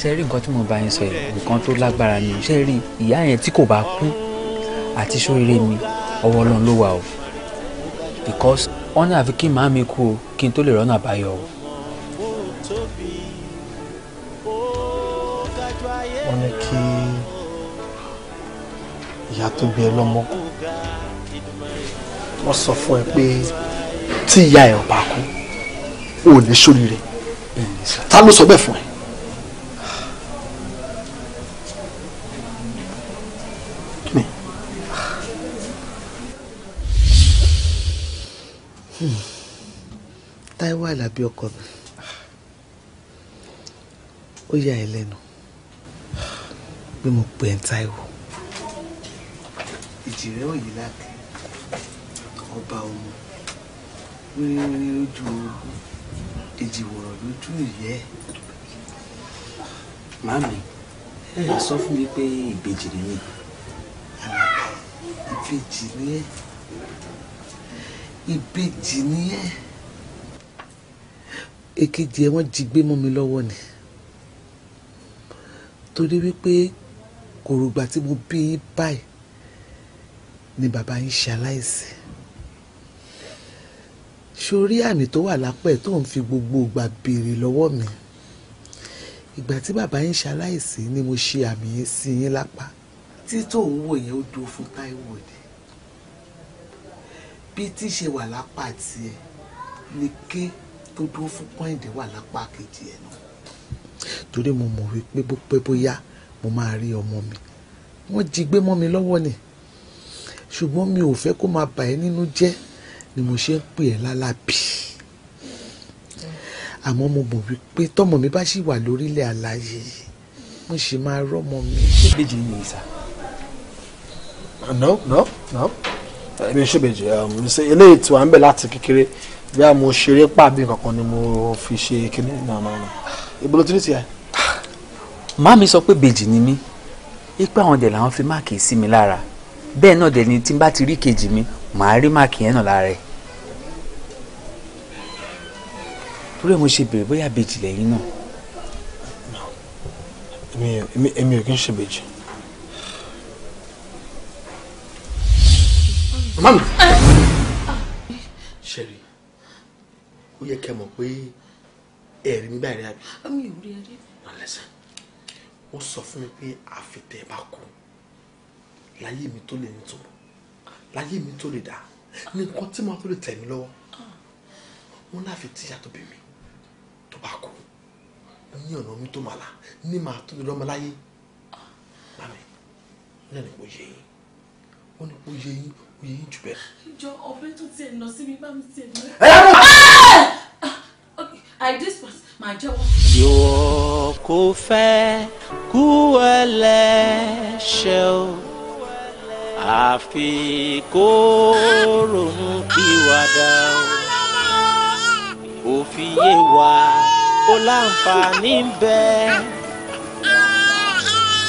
ṣé rí nǹkan tí mo bá yín sọ yìí nǹkan tó lágbára ni ṣé rí ìyá yẹn tí kò bá kú àti sóríire mi ọwọ́ ọlọ́run ló wà o because wọ́n ní àfi kí màá mi kú o kí n tó lè rọ́nà àbáyọ o. wọ́n ní kí ìyá tó bí ẹ lọ́mọ wọ́n sọ fún ẹ pé tí ìyá ẹ̀ ò bá kú o ò lè ṣoríire ta ló sọ bẹ́ẹ̀ fún ẹ. Hmm. Táíwò Àlàbí ọkọ mi ó yà ẹ́ lẹ́nu bí mo pè ẹ́ Táíwò. ìjìrẹ́ òyìn láti ọba ọmọ wíríwírí lójú ogun èjìwòrò lójú ìyẹ́ màmí ẹ sọ fún mi pé ìbejì nìyí ìbejì ni ẹ ìbejì ni ẹ èkejì ẹ wọ́n jí gbé mọ́ mi lọ́wọ́ ni torí wípé kòrògbà tí mo bí yín báyìí ni bàbá yín ṣe aláìsí ṣorí àmì tó wà lápẹ̀ tó ń fi gbogbo ìgbà béèrè lọ́wọ́ mi ìgbà tí bàbá yín ṣaláìsí ni mo ṣe àmì yẹn sí yín lápá tí tó ń wò yẹn ó do fún Táíwò ni bí tí ṣe wà lápá tiẹ̀ ni ké tó dúró fún Kẹ́hìndé wà lápá kejì ẹ̀ náà. torí mo mọ̀ wípé bó bóyá mo máa rí ọmọ mi wọ́n jí gbé mọ́ mi lọ́wọ́ ni ṣùgbọ́n mi ò fẹ́ kó máa bà ẹ́ nínú jẹ́ ni mo ṣe ń pè ẹ́ lálábì àmọ́ mo mọ̀ wípé tọ́mọ mi bá ṣì wà lórílẹ̀ àlàyé mo ṣì máa rọ́mọ mi. ṣébèjì ni ìsà. no no no ẹbí ṣébèjì um, eléyìí tí wàá ń bẹ̀ láti kékeré bí a mo ṣeré pàbí kankan ni mo fi ṣe kíní náà náà ìbúlọ̀ tí ní tiẹ̀. má mi sọ pé bèjì ni mí ipa àwọn dẹ̀ làwọn fi máàkì sí mi lára bẹ́ẹ̀ náà dẹ̀ ni tí n bá ti rí kejì mi màá rí máàkì yẹn náà lára ẹ̀ torí mo ṣe bèrè bóyá bèjì lẹ́yìn náà. èmi ò kí ń ṣe bèjì. mami. sẹ́rí ó yẹ kẹ́ mọ̀ pé ẹ̀rí mi báyìí rí àbí. Ah, mi ò rí ẹ̀rí. wọ́n lẹ́sẹ̀ wọ́n sọ fún mi pé àfitẹ́ bá kú láyé mi tó lè nítumọ̀ láyé mi tó lè dá ní nǹkan tí màá tó lè tẹ̀ mí lọ́wọ́ wọn láfi tíyà tó bí mi tó bá kú ní ọ̀nà mi tó màá la ní màá tó lè lọ́mọ láyé mami náà ni kò yẹ yín wọn ni kò yẹ yín kò yẹ yín jù bẹ́ẹ̀. ìjọ ọbẹ tó tiẹ̀ nà sí mi bá mi tiẹ̀ nà. ẹ yà ah! I dispatch my job. Ìwọ kò fẹ́ kú ẹlẹ́ṣẹ̀ o àfi kó ronú pìwàdà òfin yé wa ó láǹfààní ń bẹ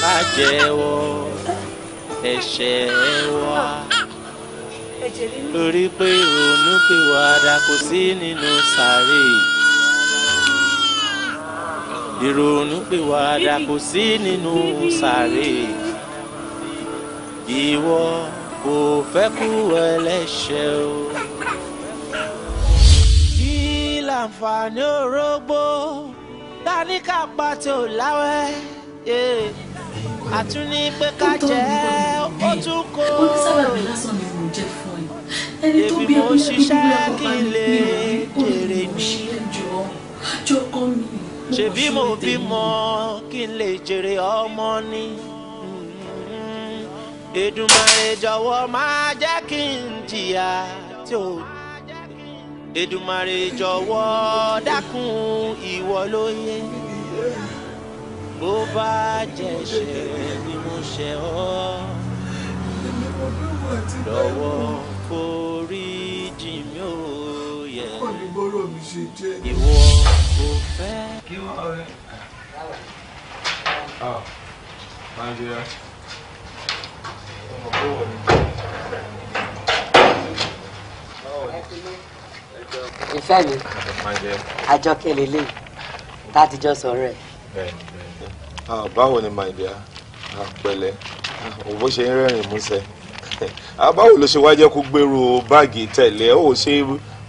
ká jẹ́wọ́ ẹ̀ṣẹ̀ wa lórí pé ronú pìwàdà kò sí nínú sàárè ìrònú pìwàdà kò sí nínú sàárè ìwọ kò fẹ́ kú ẹlẹ́ṣẹ̀ o. kí láǹfààní orógbó ta ní ká pa tí láwẹ́ àtún eh, ní pé ká jẹ́ ó eh, tún kó. ó mo jẹ fún ẹ ẹni tó bí ẹni bí mo bímọ kí n lè jèrè ọmọ ni. Èdùmàrè jọ̀wọ́ má jẹ́ kí n jìyà tí ò Èdùmàrè jọ̀wọ́ dákun ìwọ lóye bó bá jẹ̀ṣẹ̀ ni mo ṣẹ̀ ọ́ lọ́wọ́ forí jì mí ò yẹ ìwọ kò fẹ́. Kí wọ́n rẹ̀. Ah, ìfẹ́ mi àjọkẹ́ lélẹ̀ tá a ti jọ sọ̀rọ̀ ẹ̀. Ah, báwo ni my dear ah, pẹ̀lẹ́ ah, òbó ṣe ń rẹ́rìn músẹ́ báwo ló ṣe wá jẹ́ kó gbèrú báàgì tẹ̀lé ó ṣe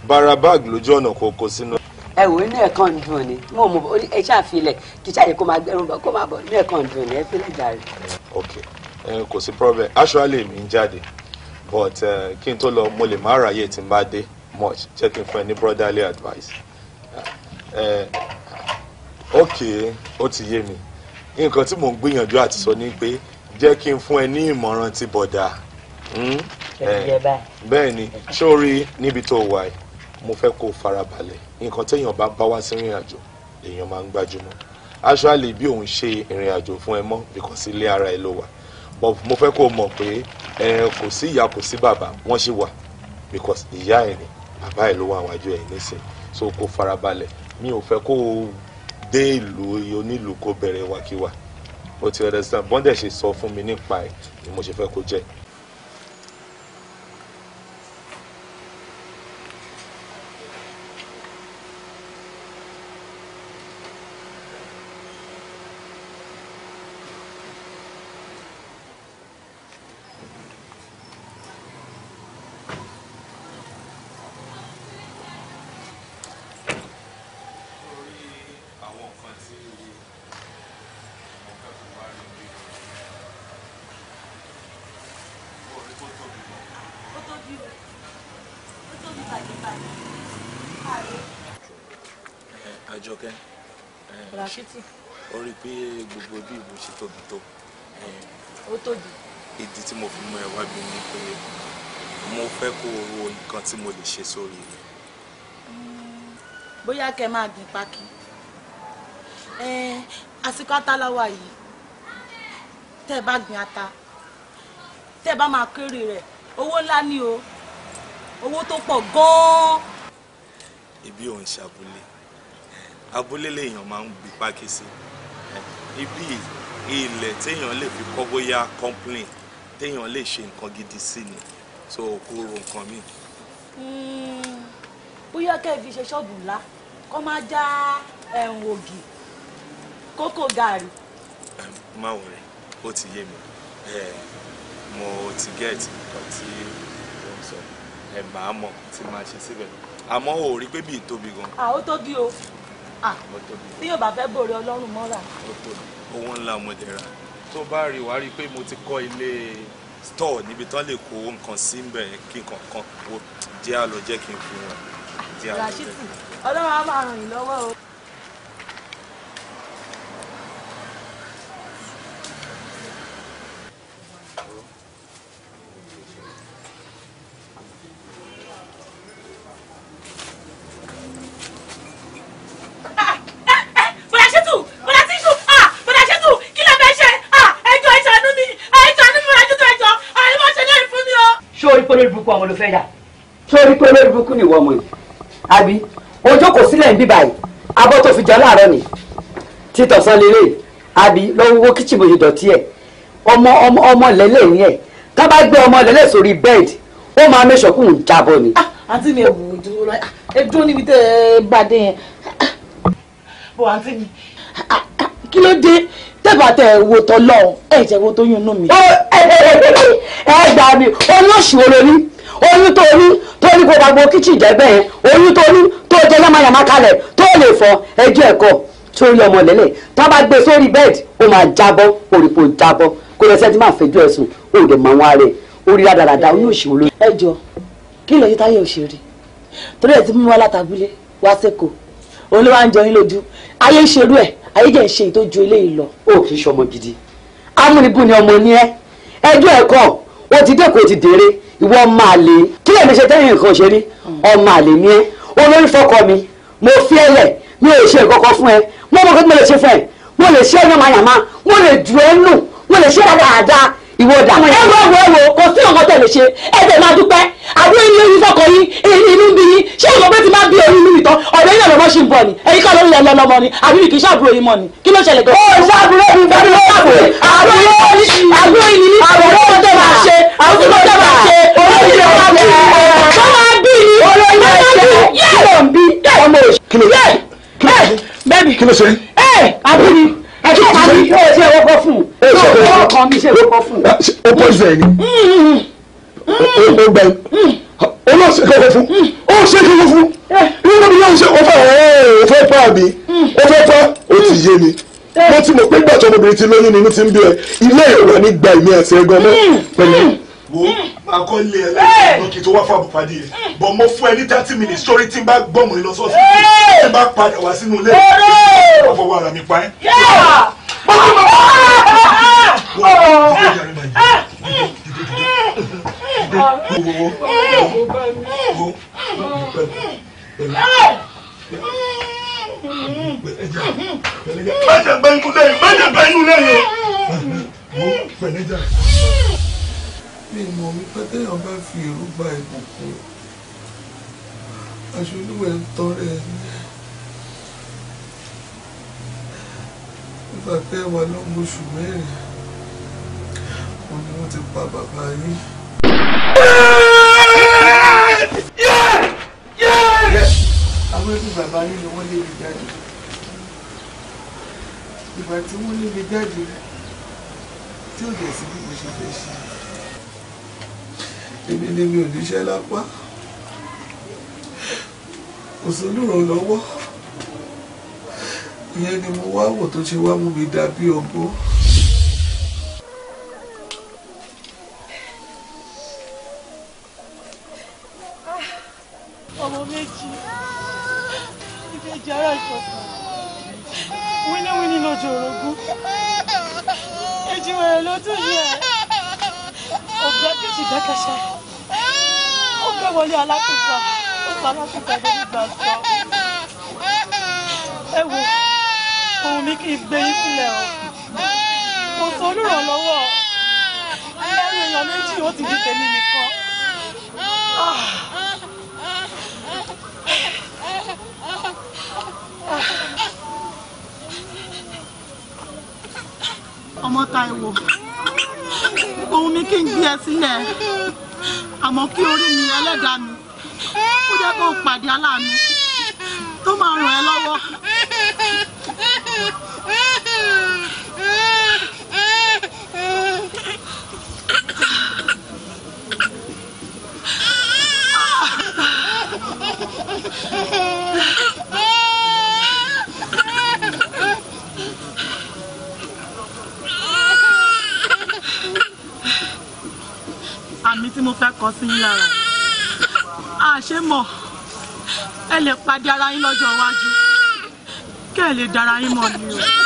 bára báàgì lójú ọ̀nà kò kò sínú. ẹ wò ó ní ẹ̀kan ń dùn ni mo mọ ẹ ṣáà filẹ̀ kí ṣáà yẹ kó máa gbẹrun bọ̀ kó máa bọ̀ ní ẹ̀kan ń dùn ni ẹ fi lè jà rẹ̀ kò sí problem actually mi ń jáde but kí n tó lọ mo lè má ráyè tí n bá dé much Checking for any brotherly advice ok ó ti yé mi nǹkan tí mò ń gbìyànjú àti sọ ni pé jẹ́ kí n fún ẹ ní ìmọ̀ràn ti bọ̀dà bẹ́ẹ̀ ni sórí níbi tó wà yìí mo fẹ́ kó farabalẹ̀ nǹkan téèyàn bá bá wá sí ìrìn àjò èèyàn máa ń gbájúmọ́ actually bí òun ṣe ìrìn àjò fún ẹ mọ́ because ilé ara ẹ ló wà mo fẹ́ kó mọ̀ pé ẹ kò sí ìyá kò sí bàbá wọ́n ṣì wà because ìyá ẹ̀ ni bàbá ẹ̀ ló wà wájú ẹ̀ nísìn so kó farabalẹ̀ mi ò fẹ́ kó dé ìlú onílùú kó bẹ̀rẹ̀ wákíwà o ti understand bọ́ndẹ̀ ṣe sọ fún mi nípa ẹ̀ ni mo ṣe fẹ́ kó jẹ́ fẹ́ kó o ro nǹkan tí mo lè ṣe sórí rẹ̀. Mm, bóyá kẹ́ máa gbìn pákí àsìkò ataláwa yìí tẹ́ ẹ bá gbìn ata tẹ́ bá máa kéré rẹ̀ owó ńlá ni o owó tó pọ̀ gan-an. ibi òun ṣàbúlé abúlé lèèyàn máa ń gbìn pákí sí ibi ilẹ̀ téèyàn lè fi kọ́ bóyá complain téèyàn lè ṣe nǹkan gidi sí ni so kó ro nǹkan mi. Hmm, bóyá kẹ́ ẹ fi ṣe ṣọ́ọ̀bù ńlá kó máa já ẹ̀hún ògì kókò gàrí. má wọ rẹ ó ti yé mi mo ti gẹ́ẹ̀tì nǹkan tí ó ń sọ ẹ máa mọ̀ tí máa ṣe síbẹ̀ àmọ́ ò rí pé bí ìtóbi gan. à ó tóbi o tí yóò bá fẹ́ bòrè ọlọ́run mọ́ra. owó ńlá ọmọdé ra tó bá rí wàá rí i pé mo ti kọ́ ilé store níbi tán lè kó nǹkan sí ń bẹ̀ kí nǹkan kan wo jẹ́ àlọ́ jẹ́ kí n fún wọn. Rashidi ọlọ́run á máa ràn yín lọ́wọ́ o. orí pé olórí burúkú ọmọ ló fẹ́ yà. ṣé orí pé olórí burúkú ni ìwọ ọmọ yìí àbí ojú kò sílẹ̀ ń bí báyìí abọ́ tó fi jọ láàárọ̀ ni títọ̀ sán lélẹ̀ àbí lọ́wọ́ wo kíchìn bòye dọ̀tí ẹ̀ ọmọ ọmọ ọmọ lẹ́lẹ̀ yẹn ẹ̀ tá bá gbé ọmọ lẹ́lẹ̀ sórí bẹ́ẹ̀dì ó máa mẹ́sọ̀kùn jábọ̀ ni. Ah, àǹtí mi ẹ̀wù dúró ẹ dúró níbi tẹ́ ẹ bá dé yẹn. bọ̀ àǹtí mi ah, ah, kí ló dé tẹ́bà tẹ wo tọlọ́run ẹ̀ jẹ́ wo tó yún inú mi. ẹ gbà mí olóṣù olórí oyún tó ní tó ní kó gbàgbọ́ kíchìn jẹ́gbẹ́ yẹn oyún tó ní tó jẹ́ yamayama kalẹ̀ tó lè fọ ẹjọ́ ẹ̀kọ́ tó rí ọmọ lẹ́lẹ̀ tá a bá gbé sórí bẹ́ẹ̀dì ó máa jábọ́ òrìpò jábọ́ kó lọ sẹ́tí máa fẹjọ́ ẹ̀sùn ó lè mọ àwọn ààrẹ orí rádaràda oyún òṣìwò lórí. ẹ jọ kí lóyún táyé òṣèré torí ẹ ti mú wa látàgbélé wá sẹkọọ òun ló wá ń jọyún lójú ayé ìṣerú ẹ ayé jẹ́ ń ṣe ìtọ́jú eléyìí lọ. o kì í ṣe ọmọ gidi. amúnibù ni ọmọ ni ẹ ẹjọ́ ẹ̀kọ́ o ti dẹ́kun o ti dèrè ìwọ ọmọ àlè kí lèmi ṣe tẹ́yìn nǹkan ṣe rí ọmọ àlè ni ẹ olórí fọkọ mi mo fi ẹ lẹ̀ mi ò ṣe nǹkan fún ẹ mo mọ̀ pé mo lè ṣe fún ẹ mo lè ṣe ẹ yànmáyàmá mo lè dù ẹ nù mo lè ṣe ẹ dáadáa ìwọ dà. ẹ wọ ẹwọ ẹwọ kò sí ọkọ tẹ̀lé ṣe ẹ tẹ̀ máa dúpẹ́ àbí ẹni oyún fọkọ yín ẹni inú bí yín ṣé ìwọ pé ti máa bí oyún mi tán ọ̀rẹ́ yín lọ́mọ ṣì ń bọ̀ ni ẹ̀yin kọ́ lórí ẹ̀lọ́ lọ́mọ ni àbí mi kì í ṣàbúrò yín mọ́ ni kí ló ṣẹlẹ̀ gan. ó ṣàbúrò mi bẹ́ẹ̀ ló ṣàbúrò àbúrò yín àbúrò yín ni àbúrò yín tẹ̀ máa ṣe àbúrò yín tẹ̀ máa ṣe olóyún ló máa bí ló máa bí ni olóyún ló máa bí yẹ́ ọmọ òṣèlú. kí ló ṣe ẹ kí ọ̀tá mi ṣe é wọ́pọ̀ fún un ṣé òkú ọkàn mi ṣe é wọ́pọ̀ fún un. o pọ̀ ṣe ẹni o gbẹ o lọ ṣe kọ́kọ́ fún o ṣe kọ́kọ́ fún nínú mi náà ṣe o fẹ́ o fẹ́ pa mi o fẹ́ pa o ti yé mi mo ti mọ̀ pé gbàtọ́ ọmọbìnrin ti lóyún ni mi ti ń bí ẹ ilé ìwà ní gba ìmí àti ẹgbẹ́ ọmọ pẹ̀lú wo máa kọ́ ilé ẹ lẹ́sìn kí n tó wá fún àbùpàdé yẹn bọ̀ mo fún ẹ ní thirty minutes sórí tí n bá gbọ́mọ̀ yìí lọ sọ́ọ̀sì tí n bá padà wá sínú ilé ẹ wọ́n fọwọ́ ara mi pa ẹ́. Bẹ́ẹ̀ni bẹ́ẹ̀ni kúndé yìí, bẹ́ẹ̀ni bẹ́ẹ̀ni kúndé yìí mi mọ̀ wípé téèyàn bá fi èrú gba ìbùkún aṣojú ẹ̀ tọrẹ ẹ̀ ní. nígbà tẹ́ wà lọ́mọ oṣù mẹ́rin òun ni wọ́n ti pa bàbá yín. àwọn ẹbí bàbá yín ni wọ́n lé mi jáde ìgbà tí wọ́n lé mi jáde tí ò dẹ̀ sí bí ṣe fẹ́ ṣe èmi ni mi ò níṣẹ́ lápá kò sólùrànlọ́wọ́ ìyẹn ni mo wá wò tó ṣe wá mú mi dà ọgbọ́n. alákùsà ó sọ alákùsà lórí ìgbà sọ ẹ wò ohun mi kì í gbé yín sílẹ̀ o kò sọ não ẹrù èèyàn méjì ó ti di tèmi nìkan. ọmọ Táíwò ohun mi kì í gbé ẹ sílẹ̀ àmọ́ kí orí mi ẹlẹ́dàá mi kó jẹ́ kó pàdé aláàánú tó máa ràn ẹ́ lọ́wọ́. àmì tí mo fẹ́ kọ sí yín lára àṣé mọ̀ ẹ lè pàdé ara yín lọ́jọ́ iwájú kẹ́ ẹ lè dára yín mọ̀ ni o.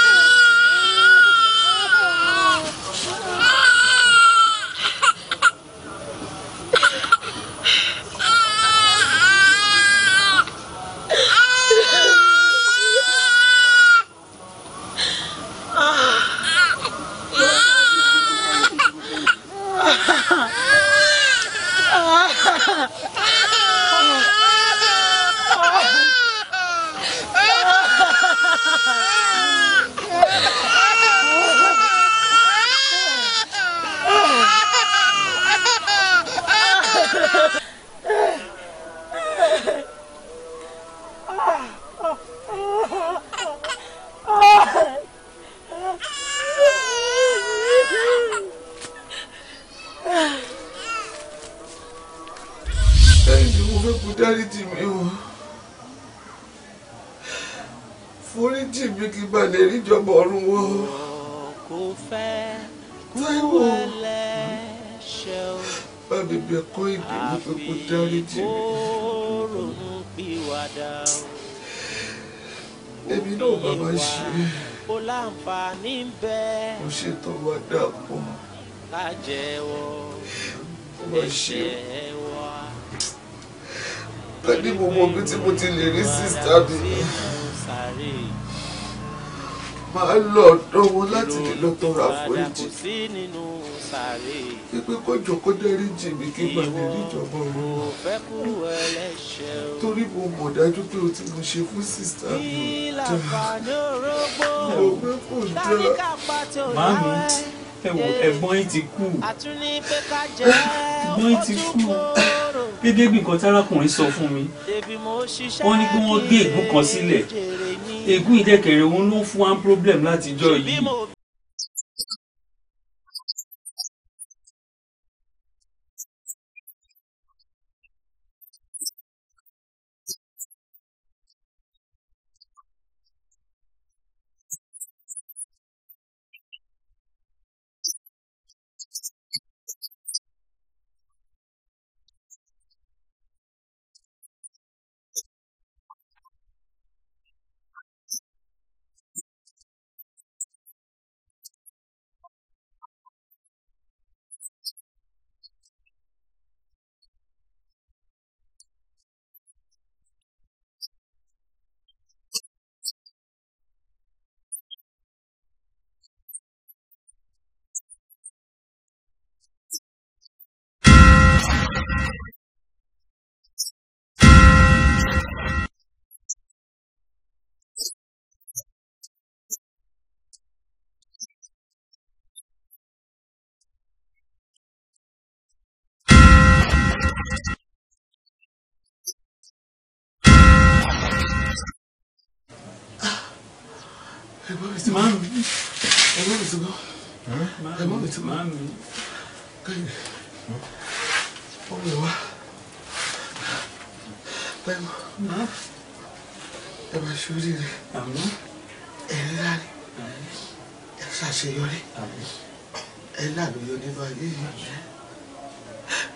ìwà ó láǹfààní ń bẹ. mo ṣe tó dàpọ̀. ká ẹ̀ṣẹ̀ wa. pẹ̀lú gbogbo ibi tí mo ti lè rí sísá mi máa lọ ọ̀dọ̀ wọn láti lè lọ tọrọ àforíjì sáré. pípé kọjọ kó dárí jì mí kí bàbá mi jọba ọ̀rọ̀. ìwọ fẹ́ kú ẹlẹ́ṣẹ̀ o. torí mo mọ̀ dájú pé o ti mo ṣe fún sísá mi ìlànà orógbó tálíkà pàtó láwẹ́. màámi ẹ̀gbọ́n yìí ti kú. àtúní pé ká jẹ́ ẹ̀gbọ́n yìí ti kú gẹ́gẹ́ bí sọ fún mi wọ́n ní kí wọ́n gé ègún kan sílẹ̀ ègún ìdẹ́kẹ̀rẹ̀ òun ló fún wa problem látijọ́ yìí ti máa mi ẹ̀mọ́ mi ti gbọ́ ẹ̀mọ́ mi ti máa mi ọmọ wa pẹ̀mọ́ ẹ máa ṣe oríire ẹ̀rí láre ẹ ṣàṣeyọrí ẹ lálóyọ nínú ayé yìí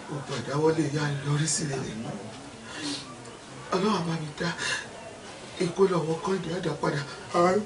gbogbo àdáwọ́lé ìyá lórí sílẹ̀ lẹ́nu ọlọ́run bá mi dá ikú lọ́wọ́ kan ìdí àdá padà àárọ̀.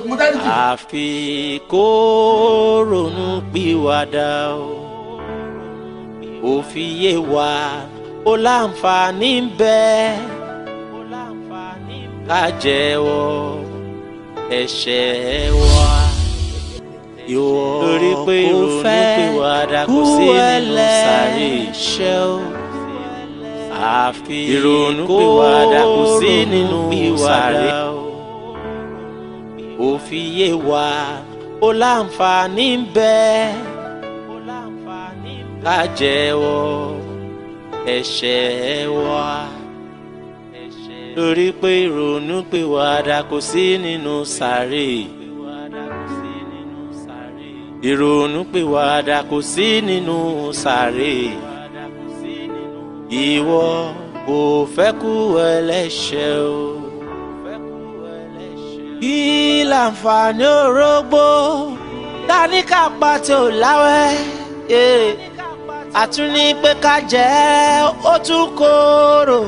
mo dárí jù. àfi kó ronú pìwàdà o òfin yé wa ó láǹfààní ń bẹ ká jẹ́wọ́ ẹ̀ṣẹ̀ wa ìwọ kò fẹ́ kú ẹlẹ́ṣẹ̀ o àfi ìrònú pìwàdà kò sí nínú sàré o ó fi yé wa ó láǹfààní ń bẹ ká jẹ́wọ́ ẹ̀ṣẹ̀ wa lórí pé ìrònú pé wàdà kò sí nínú sàárè ìrònú pé wàdà kò sí nínú sàárè ìwọ kò fẹ́ kú ẹlẹ́ṣẹ̀ o kí láǹfààní orógbó ta ní kápá tí ò láwẹ́ àtún ní pé ká jẹ́ ó tún kóró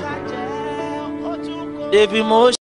débi mo.